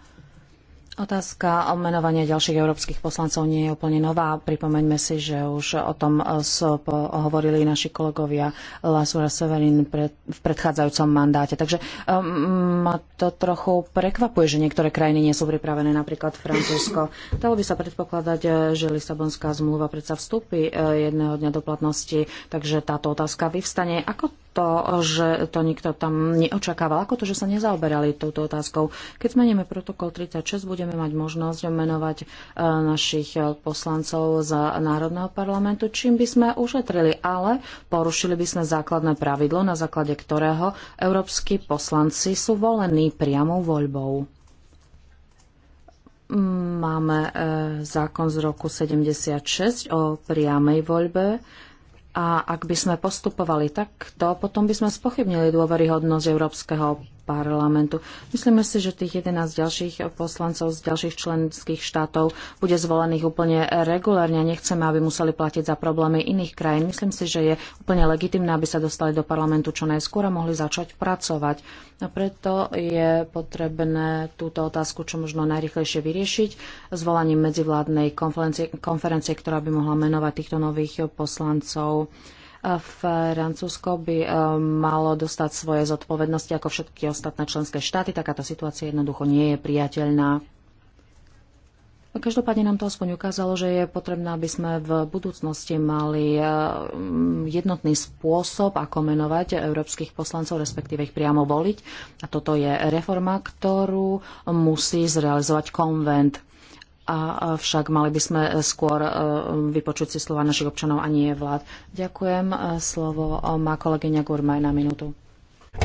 Otázka o menovanie ďalších európskych poslancov nie je úplne nová. Pripomeňme si, že už o tom hovorili naši kolegovia Lasura Severin v predchádzajúcom mandáte. Takže um, ma to trochu prekvapuje, že niektoré krajiny nie sú pripravené, napríklad Francúzsko. Dalo by sa predpokladať, že Lisabonská zmluva predsa vstúpi eh, jedného dňa do platnosti, takže táto otázka vyvstane. Ako to, že to nikto tam neočakával? Ako to, že sa nezaoberali touto otázkou? Keď zmeníme protokol 36, budeme budeme mať možnosť menovať e, našich e, poslancov z Národného parlamentu, čím by sme ušetrili, ale porušili by sme základné pravidlo, na základe ktorého európsky poslanci sú volení priamou voľbou máme e, zákon z roku 76 o priamej voľbe a ak by sme postupovali takto, potom by sme spochybnili dôveryhodnosť európskeho parlamentu. Myslíme si, že tých 11 ďalších poslancov z ďalších členských štátov bude zvolených úplne regulárne. Nechceme, aby museli platiť za problémy iných krajín. Myslím si, že je úplne legitimné, aby sa dostali do parlamentu čo najskôr a mohli začať pracovať. A preto je potrebné túto otázku čo možno najrychlejšie vyriešiť zvolaním medzivládnej konferencie, konferencie ktorá by mohla menovať týchto nových poslancov. Francúzsko by e, malo dostať svoje zodpovednosti ako všetky ostatné členské štáty. Takáto situácia jednoducho nie je priateľná. Každopádne nám to aspoň ukázalo, že je potrebné, aby sme v budúcnosti mali e, jednotný spôsob, ako menovať európskych poslancov, respektíve ich priamo voliť. A toto je reforma, ktorú musí zrealizovať konvent a však mali by sme e, skôr e, vypočuť si slova našich občanov a nie vlád. Ďakujem. E, slovo má kolegyňa Gurmaj na minútu.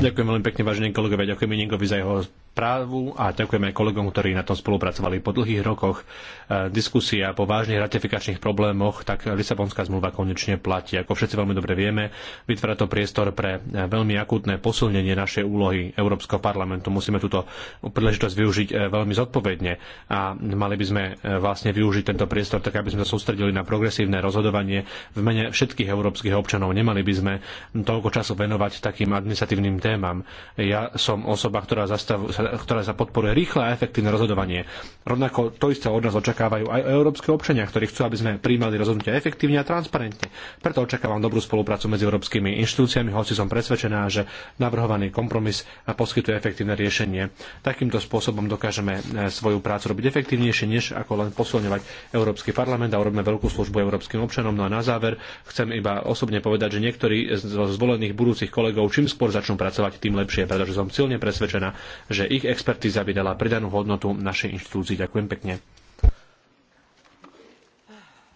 Ďakujem veľmi pekne, vážení kolegovia. Ďakujem Mininkovi za jeho správu a ďakujeme kolegom, ktorí na tom spolupracovali. Po dlhých rokoch e, diskusia po vážnych ratifikačných problémoch, tak Lisabonská zmluva konečne platí. Ako všetci veľmi dobre vieme, vytvára to priestor pre e, veľmi akútne posilnenie našej úlohy Európskeho parlamentu. Musíme túto príležitosť využiť e, veľmi zodpovedne a mali by sme vlastne využiť tento priestor tak, aby sme sa sústredili na progresívne rozhodovanie v mene všetkých európskych občanov. Nemali by sme toľko času venovať takým administratívnym témam. Ja som osoba, ktorá zastav, ktorá sa podporuje rýchle a efektívne rozhodovanie. Rovnako to isté od nás očakávajú aj európske občania, ktorí chcú, aby sme príjmali rozhodnutia efektívne a transparentne. Preto očakávam dobrú spoluprácu medzi európskymi inštitúciami, hoci som presvedčená, že navrhovaný kompromis poskytuje efektívne riešenie. Takýmto spôsobom dokážeme e, svoju prácu robiť efektívnejšie, než ako len posilňovať Európsky parlament a urobíme veľkú službu európskym občanom. No a na záver chcem iba osobne povedať, že niektorí z zvolených budúcich kolegov čím skôr začnú pracovať, tým lepšie, pretože som silne presvedčená, že ich expertíza by dala pridanú hodnotu našej inštitúcii. Ďakujem pekne.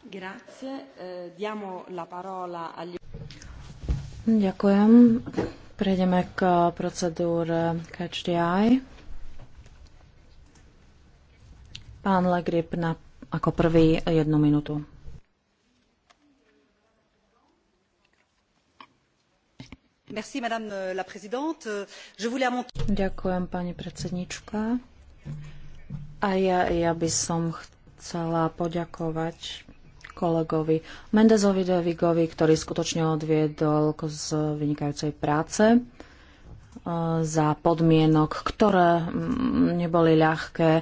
Eh, Ďakujem. Prejdeme k procedúre Catch the Eye. Pán Legrip na, ako prvý jednu minútu. Ďakujem, pani predsedníčka. A ja, ja by som chcela poďakovať kolegovi Mendezovi Devigovi, ktorý skutočne odviedol z vynikajúcej práce za podmienok, ktoré mm, neboli ľahké. E,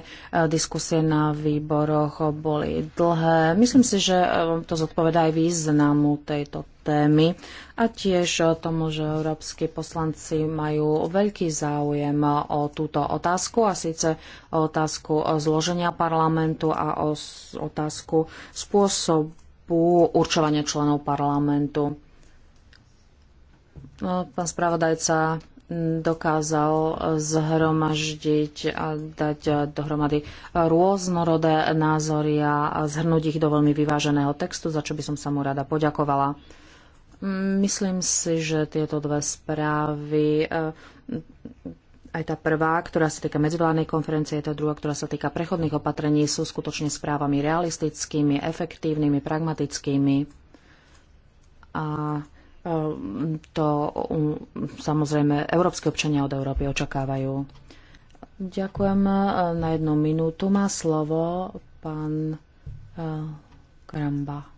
diskusie na výboroch boli dlhé. Myslím si, že e, to zodpoveda aj významu tejto témy a tiež e, tomu, že európsky poslanci majú veľký záujem o túto otázku a síce o otázku zloženia parlamentu a o otázku spôsobu určovania členov parlamentu. Pán spravodajca, dokázal zhromaždiť a dať dohromady rôznorodé názory a zhrnúť ich do veľmi vyváženého textu, za čo by som sa mu rada poďakovala. Myslím si, že tieto dve správy, eh, aj tá prvá, ktorá sa týka medzivládnej konferencie, tá druhá, ktorá sa týka prechodných opatrení, sú skutočne správami realistickými, efektívnymi, pragmatickými. A Ehm, to samozrejme európske občania od Európy očakávajú. Ďakujem. E, na jednu minútu má slovo pán e, Kramba.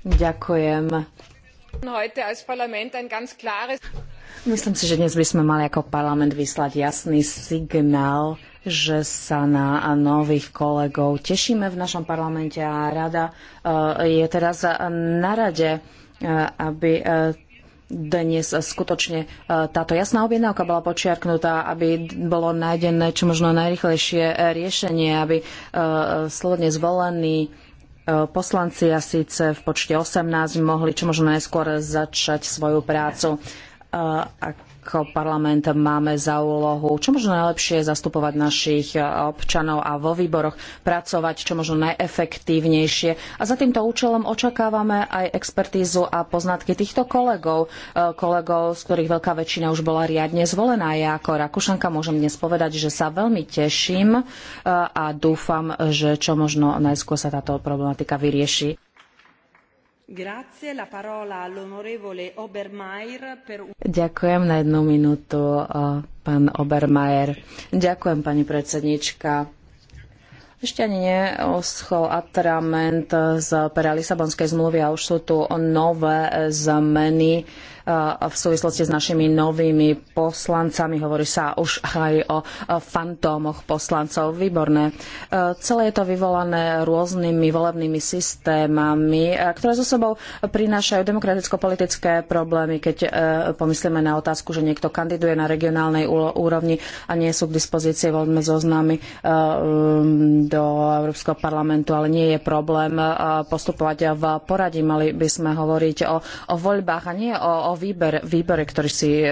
Ďakujem Myslím si, že dnes by sme mali ako parlament vyslať jasný signál, že sa na nových kolegov tešíme v našom parlamente a rada eh, je teraz na rade, eh, aby eh, dnes skutočne táto jasná objednávka bola počiarknutá, aby bolo nájdené čo možno najrychlejšie riešenie, aby slobodne zvolený E, poslanci a síce v počte 18 mohli čo možno najskôr začať svoju prácu. E, ak ako parlament máme za úlohu čo možno najlepšie zastupovať našich e, občanov a vo výboroch pracovať čo možno najefektívnejšie. A za týmto účelom očakávame aj expertízu a poznatky týchto kolegov, e, kolegov, z ktorých veľká väčšina už bola riadne zvolená. Ja ako Rakušanka môžem dnes povedať, že sa veľmi teším e, a dúfam, že čo možno najskôr sa táto problematika vyrieši. Ďakujem na jednu minútu, pán Obermajer. Ďakujem, pani predsednička. Ešte ani neoschol atrament z pera Lisabonskej zmluvy a už sú tu nové zmeny v súvislosti s našimi novými poslancami. Hovorí sa už aj o fantómoch poslancov. Výborné. E, celé je to vyvolané rôznymi volebnými systémami, e, ktoré so sebou prinášajú demokraticko-politické problémy, keď e, pomyslíme na otázku, že niekto kandiduje na regionálnej úrovni a nie sú k dispozícii voľné zoznamy do Európskeho parlamentu, ale nie je problém postupovať v poradí. Mali by sme hovoriť o, o voľbách a nie o, o o výber, výbere, ktorý si e,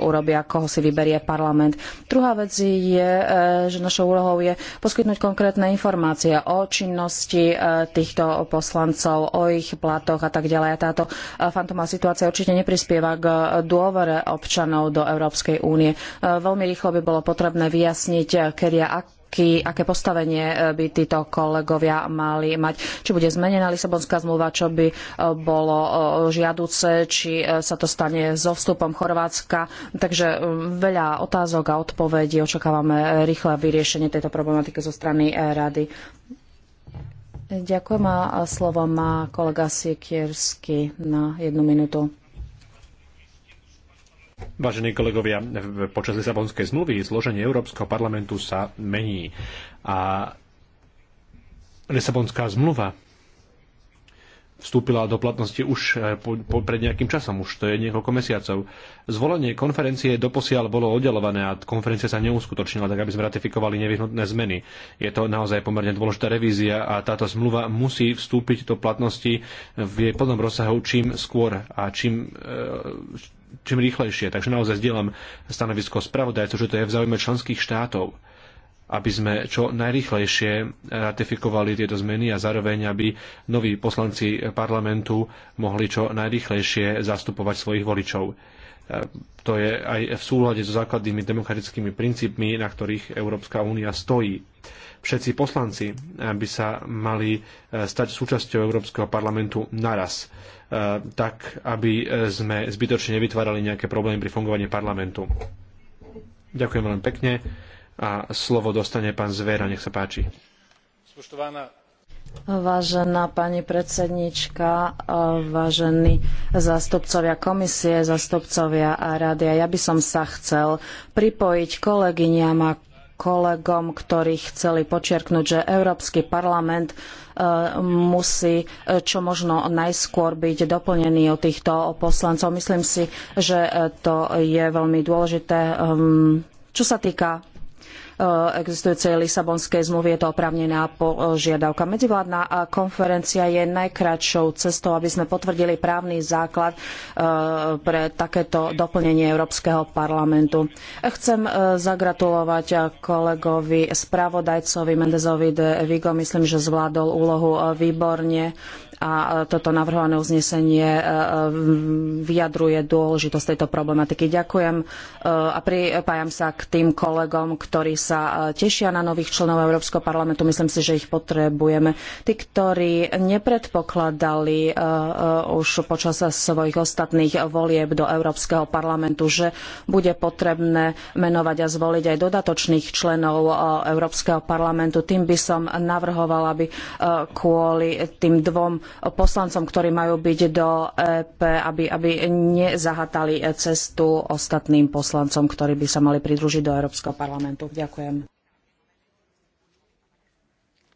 urobia, koho si vyberie parlament. Druhá vec je, e, že našou úlohou je poskytnúť konkrétne informácie o činnosti e, týchto poslancov, o ich platoch a tak ďalej. A táto fantomá situácia určite neprispieva k dôvere občanov do Európskej únie. Veľmi rýchlo by bolo potrebné vyjasniť, kedy a ak aký, aké postavenie e, by títo kolegovia mali mať. Či bude zmenená Lisabonská zmluva, čo by e, bolo e, žiaduce, či sa to stane so vstupom Chorvátska. Takže veľa otázok a odpovedí. Očakávame rýchle vyriešenie tejto problematiky zo strany rady. Ďakujem a slovo má kolega Sikierski na jednu minútu. Vážení kolegovia, počas Lisabonskej zmluvy zloženie Európskeho parlamentu sa mení a Lisabonská zmluva vstúpila do platnosti už eh, po, po, pred nejakým časom, už to je niekoľko mesiacov. Zvolenie konferencie doposiaľ bolo oddelované a konferencia sa neuskutočnila, tak aby sme ratifikovali nevyhnutné zmeny. Je to naozaj pomerne dôležitá revízia a táto zmluva musí vstúpiť do platnosti v jej plnom rozsahu čím skôr a čím, eh, čím rýchlejšie. Takže naozaj zdieľam stanovisko spravodajcov, že to je v záujme členských štátov aby sme čo najrychlejšie ratifikovali tieto zmeny a zároveň, aby noví poslanci parlamentu mohli čo najrychlejšie zastupovať svojich voličov. To je aj v súhľade so základnými demokratickými princípmi, na ktorých Európska únia stojí všetci poslanci by sa mali e, stať súčasťou Európskeho parlamentu naraz, e, tak aby e, sme zbytočne nevytvárali nejaké problémy pri fungovaní parlamentu. Ďakujem veľmi pekne a slovo dostane pán Zvera, nech sa páči. Spoštovaná Vážená pani predsednička, vážení zastupcovia komisie, zastupcovia a rádia, ja by som sa chcel pripojiť kolegyňam a kolegom, ktorí chceli počiarknúť, že Európsky parlament e, musí e, čo možno najskôr byť doplnený od týchto poslancov. Myslím si, že e, to je veľmi dôležité. Ehm, čo sa týka Eh, existujúcej Lisabonskej zmluvy je to oprávnená požiadavka. Eh, Medzivládna eh, konferencia je najkračšou cestou, aby sme potvrdili právny základ pre takéto doplnenie Európskeho parlamentu. Chcem zagratulovať kolegovi spravodajcovi Mendezovi de Vigo. Myslím, že zvládol úlohu výborne a e, toto navrhované uznesenie e, e, vyjadruje dôležitosť tejto problematiky. Ďakujem a pripájam sa k tým kolegom, ktorí sa tešia na nových členov Európskeho parlamentu. Myslím si, že ich potrebujeme. Tí, ktorí nepredpokladali už počas svojich ostatných volieb do Európskeho parlamentu, že bude potrebné menovať a zvoliť aj dodatočných členov Európskeho parlamentu, tým by som navrhovala, aby kvôli tým dvom poslancom, ktorí majú byť do EP, aby, aby nezahatali cestu ostatným poslancom, ktorí by sa mali pridružiť do Európskeho parlamentu. Ďakujem.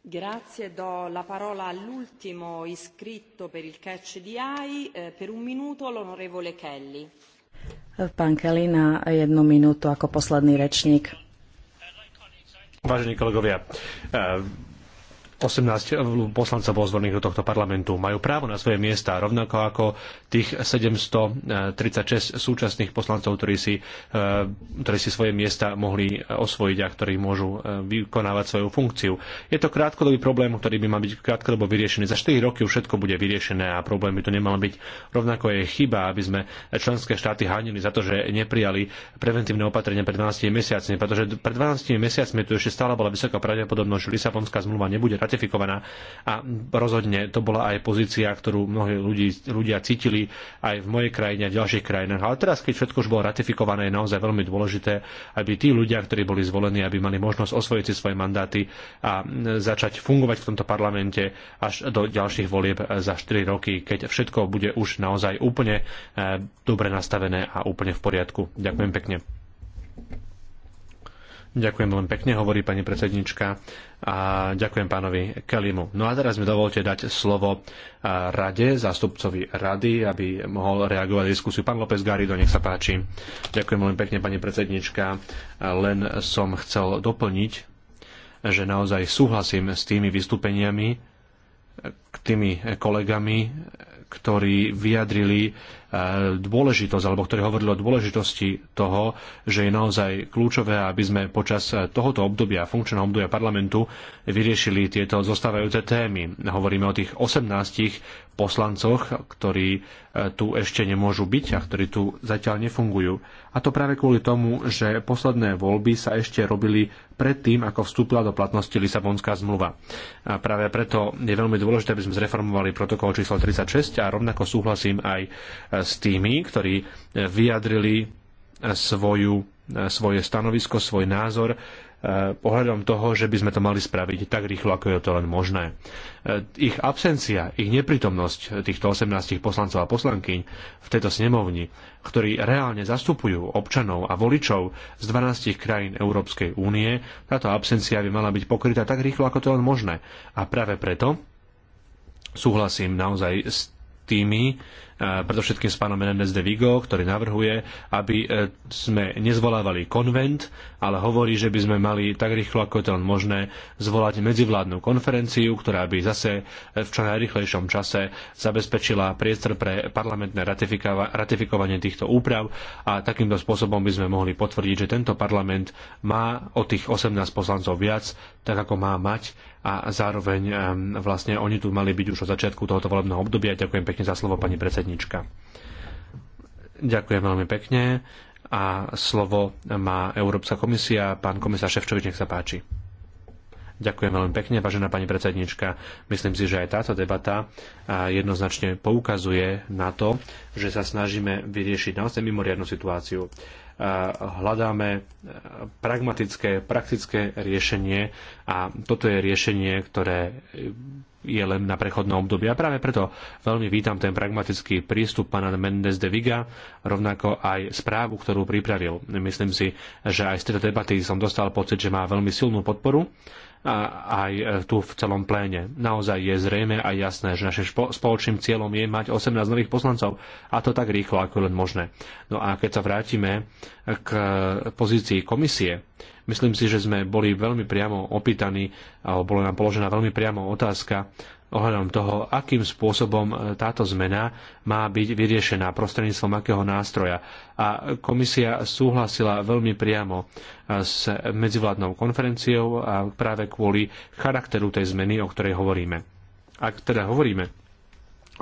Grazie, do la parola all'ultimo iscritto per il catch di AI, eh, per un minuto l'onorevole Kelly. Pán Kelly na jednu minútu ako posledný rečník. Vážení kolegovia, eh, 18 eh, poslancov bol zvolených do tohto parlamentu. Majú právo na svoje miesta, rovnako ako tých 736 súčasných poslancov, ktorí si, eh, ktorí si svoje miesta mohli eh, osvojiť a ktorí môžu vykonávať svoju funkciu. Je to krátkodobý problém, ktorý by mal byť krátkodobo vyriešený. Za 4 roky už všetko bude vyriešené a problém by to nemal byť. Rovnako je chyba, aby sme členské štáty hánili za to, že neprijali preventívne opatrenia pred 12 mesiacmi, pretože pred 12 mesiacmi tu ešte stále bola vysoká pravdepodobnosť, že Lisabonská zmluva nebude ratifikovaná. A rozhodne to bola aj pozícia, ktorú mnohí ľudí, ľudia cítili aj v mojej krajine a v ďalších krajinách. Ale teraz, keď všetko už bolo ratifikované, je naozaj veľmi dôležité, aby tí ľudia, ktorí boli zvolení, aby mali možnosť osvojiť si svoje mandáty a začať fungovať v tomto parlamente až do ďalších volieb za 4 roky, keď všetko bude už naozaj úplne eh, dobre nastavené a úplne v poriadku. Ďakujem pekne. Ďakujem veľmi pekne, hovorí pani predsednička a ďakujem pánovi Kelimu. No a teraz mi dovolte dať slovo rade, zástupcovi rady, aby mohol reagovať na diskusiu. Pán López Garido, nech sa páči. Ďakujem veľmi pekne, pani predsednička. Len som chcel doplniť, že naozaj súhlasím s tými vystúpeniami, k tými kolegami, ktorí vyjadrili Eh, dôležitosť, alebo ktorý hovoril o dôležitosti toho, že je naozaj kľúčové, aby sme počas eh, tohoto obdobia, funkčného obdobia parlamentu, vyriešili tieto zostávajúce témy. Hovoríme o tých 18 poslancoch, ktorí eh, tu ešte nemôžu byť a ktorí tu zatiaľ nefungujú. A to práve kvôli tomu, že posledné voľby sa ešte robili predtým, ako vstúpila do platnosti Lisabonská zmluva. A práve preto je veľmi dôležité, aby sme zreformovali protokol číslo 36 a rovnako súhlasím aj s tými, ktorí e, vyjadrili e, svoju, e, svoje stanovisko, svoj názor pohľadom toho, že by sme to mali spraviť tak rýchlo, ako je to len možné. Ich absencia, ich neprítomnosť týchto 18 poslancov a poslankyň v tejto snemovni, ktorí reálne zastupujú občanov a voličov z 12 krajín Európskej únie, táto absencia by mala byť pokrytá tak rýchlo, ako to len možné. A práve preto súhlasím naozaj s tými, Eh, predovšetkým s pánom Menendez de Vigo, ktorý navrhuje, aby eh, sme nezvolávali konvent, ale hovorí, že by sme mali tak rýchlo, ako je to len možné, zvolať medzivládnu konferenciu, ktorá by zase v čo najrychlejšom čase zabezpečila priestor pre parlamentné ratifikovanie týchto úprav a takýmto spôsobom by sme mohli potvrdiť, že tento parlament má o tých 18 poslancov viac, tak ako má mať a zároveň ehm, vlastne oni tu mali byť už od začiatku tohoto volebného obdobia. Ďakujem pekne za slovo, pani predsednička. Ďakujem veľmi pekne a slovo má Európska komisia. Pán komisár Ševčovič, nech sa páči. Ďakujem veľmi pekne, vážená pani predsednička. Myslím si, že aj táto debata jednoznačne poukazuje na to, že sa snažíme vyriešiť naozaj mimoriadnu situáciu hľadáme eh, pragmatické, praktické riešenie a toto je riešenie, ktoré je len na prechodné obdobie. A práve preto veľmi vítam ten pragmatický prístup pána Mendes de Viga, rovnako aj správu, ktorú pripravil. Myslím si, že aj z tejto debaty som dostal pocit, že má veľmi silnú podporu aj e, tu v celom pléne. Naozaj je zrejme a jasné, že našim spoločným cieľom je mať 18 nových poslancov a to tak rýchlo, ako je len možné. No a keď sa vrátime e, k pozícii komisie, myslím si, že sme boli veľmi priamo opýtaní, alebo bola nám položená veľmi priamo otázka ohľadom toho, akým spôsobom e, táto zmena má byť vyriešená, prostredníctvom akého nástroja. A komisia súhlasila veľmi priamo e, s medzivládnou konferenciou a práve kvôli charakteru tej zmeny, o ktorej hovoríme. Ak teda hovoríme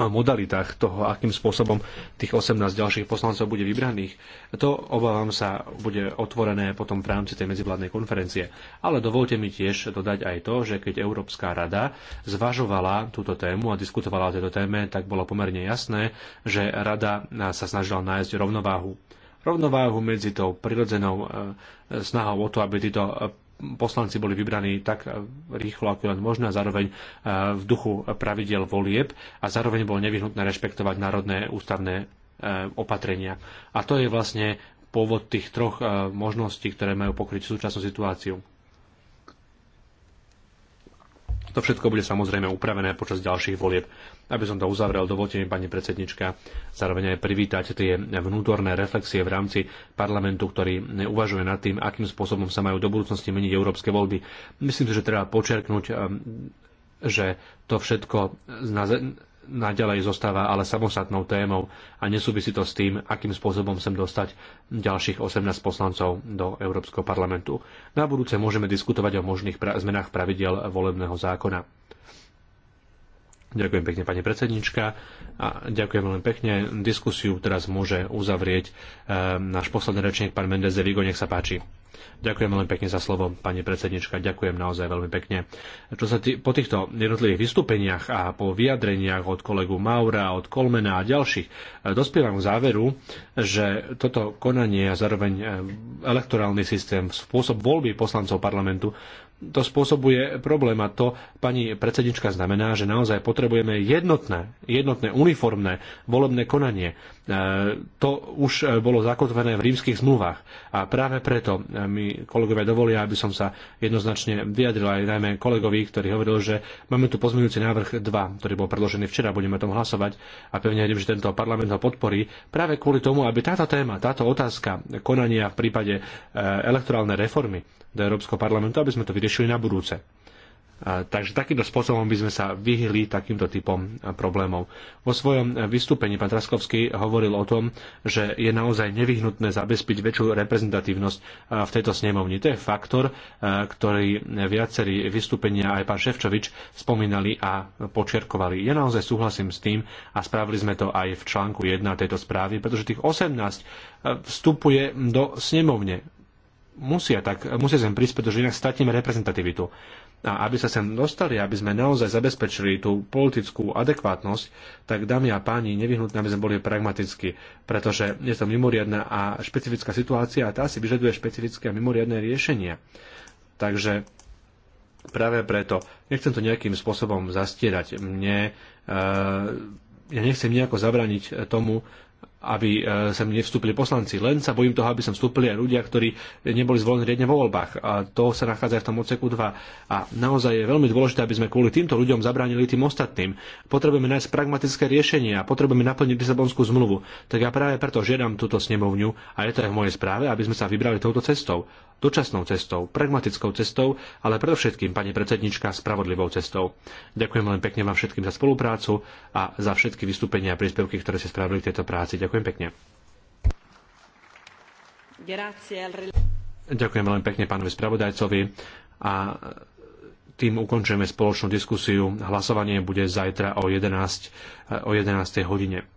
modalitách toho, akým spôsobom tých 18 ďalších poslancov bude vybraných. To, obávam sa, bude otvorené potom v rámci tej medzivládnej konferencie. Ale dovolte mi tiež dodať aj to, že keď Európska rada zvažovala túto tému a diskutovala o tejto téme, tak bolo pomerne jasné, že rada sa snažila nájsť rovnováhu rovnováhu medzi tou prirodzenou eh, snahou o to, aby títo poslanci boli vybraní tak rýchlo, ako len možné, a zároveň eh, v duchu pravidel volieb a zároveň bolo nevyhnutné rešpektovať národné ústavné eh, opatrenia. A to je vlastne pôvod tých troch eh, možností, ktoré majú pokryť súčasnú situáciu. To všetko bude samozrejme upravené počas ďalších volieb. Aby som to uzavrel, dovolte mi, pani predsednička, zároveň aj privítať tie vnútorné reflexie v rámci parlamentu, ktorý uvažuje nad tým, akým spôsobom sa majú do budúcnosti meniť európske voľby. Myslím si, že treba počerknúť ehm, že to všetko naďalej zostáva ale samostatnou témou a nesúvisí to s tým, akým spôsobom sem dostať ďalších 18 poslancov do Európskeho parlamentu. Na budúce môžeme diskutovať o možných zmenách pravidel volebného zákona. Ďakujem pekne, pani predsednička. A ďakujem veľmi pekne. Diskusiu teraz môže uzavrieť eh, náš posledný rečník, pán Mendez de Vigo. Nech sa páči. Ďakujem veľmi pekne za slovo, pani predsednička. Ďakujem naozaj veľmi pekne. Čo sa tý, po týchto jednotlivých vystúpeniach a po vyjadreniach od kolegu Maura, od Kolmena a ďalších eh, dospievam k záveru, že toto konanie a zároveň eh, elektorálny systém, spôsob voľby poslancov parlamentu to spôsobuje problém a to, pani predsednička, znamená, že naozaj potrebujeme jednotné, jednotné uniformné volebné konanie. E, to už e, bolo zakotvené v rímskych zmluvách a práve preto e, mi kolegovia dovolia, aby som sa jednoznačne vyjadril aj najmä kolegovi, ktorý hovoril, že máme tu pozmeňujúci návrh 2, ktorý bol predložený včera, budeme o tom hlasovať a pevne verím, že tento parlament ho podporí práve kvôli tomu, aby táto téma, táto otázka konania v prípade elektorálnej reformy do Európskeho parlamentu, aby sme to vyriešili na budúce. Takže takýmto spôsobom by sme sa vyhli takýmto typom problémov. Vo svojom e, vystúpení pán Traskovský hovoril o tom, že je naozaj nevyhnutné zabezpiť väčšiu reprezentatívnosť v tejto snemovni. To je faktor, e, ktorý viacerí vystúpenia aj pán Ševčovič spomínali a počerkovali. Ja naozaj súhlasím s tým a spravili sme to aj v článku 1 tejto správy, pretože tých 18 e, vstupuje do snemovne musia, tak, musia sem prísť, pretože inak stratíme reprezentativitu. A aby sa sem dostali, aby sme naozaj zabezpečili tú politickú adekvátnosť, tak dámy a páni, nevyhnutné, aby sme boli pragmaticky, pretože je to mimoriadná a špecifická situácia a tá si vyžaduje špecifické a mimoriadné riešenie. Takže práve preto nechcem to nejakým spôsobom zastierať. Mne e, ja nechcem nejako zabraniť tomu, aby e, sem nevstúpili poslanci. Len sa bojím toho, aby sem vstúpili aj ľudia, ktorí neboli zvolení riadne vo voľbách. A to sa nachádza aj v tom odseku 2. A naozaj je veľmi dôležité, aby sme kvôli týmto ľuďom zabránili tým ostatným. Potrebujeme nájsť pragmatické riešenie a potrebujeme naplniť Lisabonskú zmluvu. Tak ja práve preto žiadam túto snemovňu a je to aj v mojej správe, aby sme sa vybrali touto cestou. Dočasnou cestou, pragmatickou cestou, ale predovšetkým, pani predsednička, spravodlivou cestou. Ďakujem len pekne vám všetkým za spoluprácu a za všetky vystúpenia a príspevky, ktoré ste spravili k tejto práci. Ďakujem Ďakujem pekne. Ďakujem veľmi pekne pánovi spravodajcovi a tým ukončujeme spoločnú diskusiu. Hlasovanie bude zajtra o 11, o 11. hodine.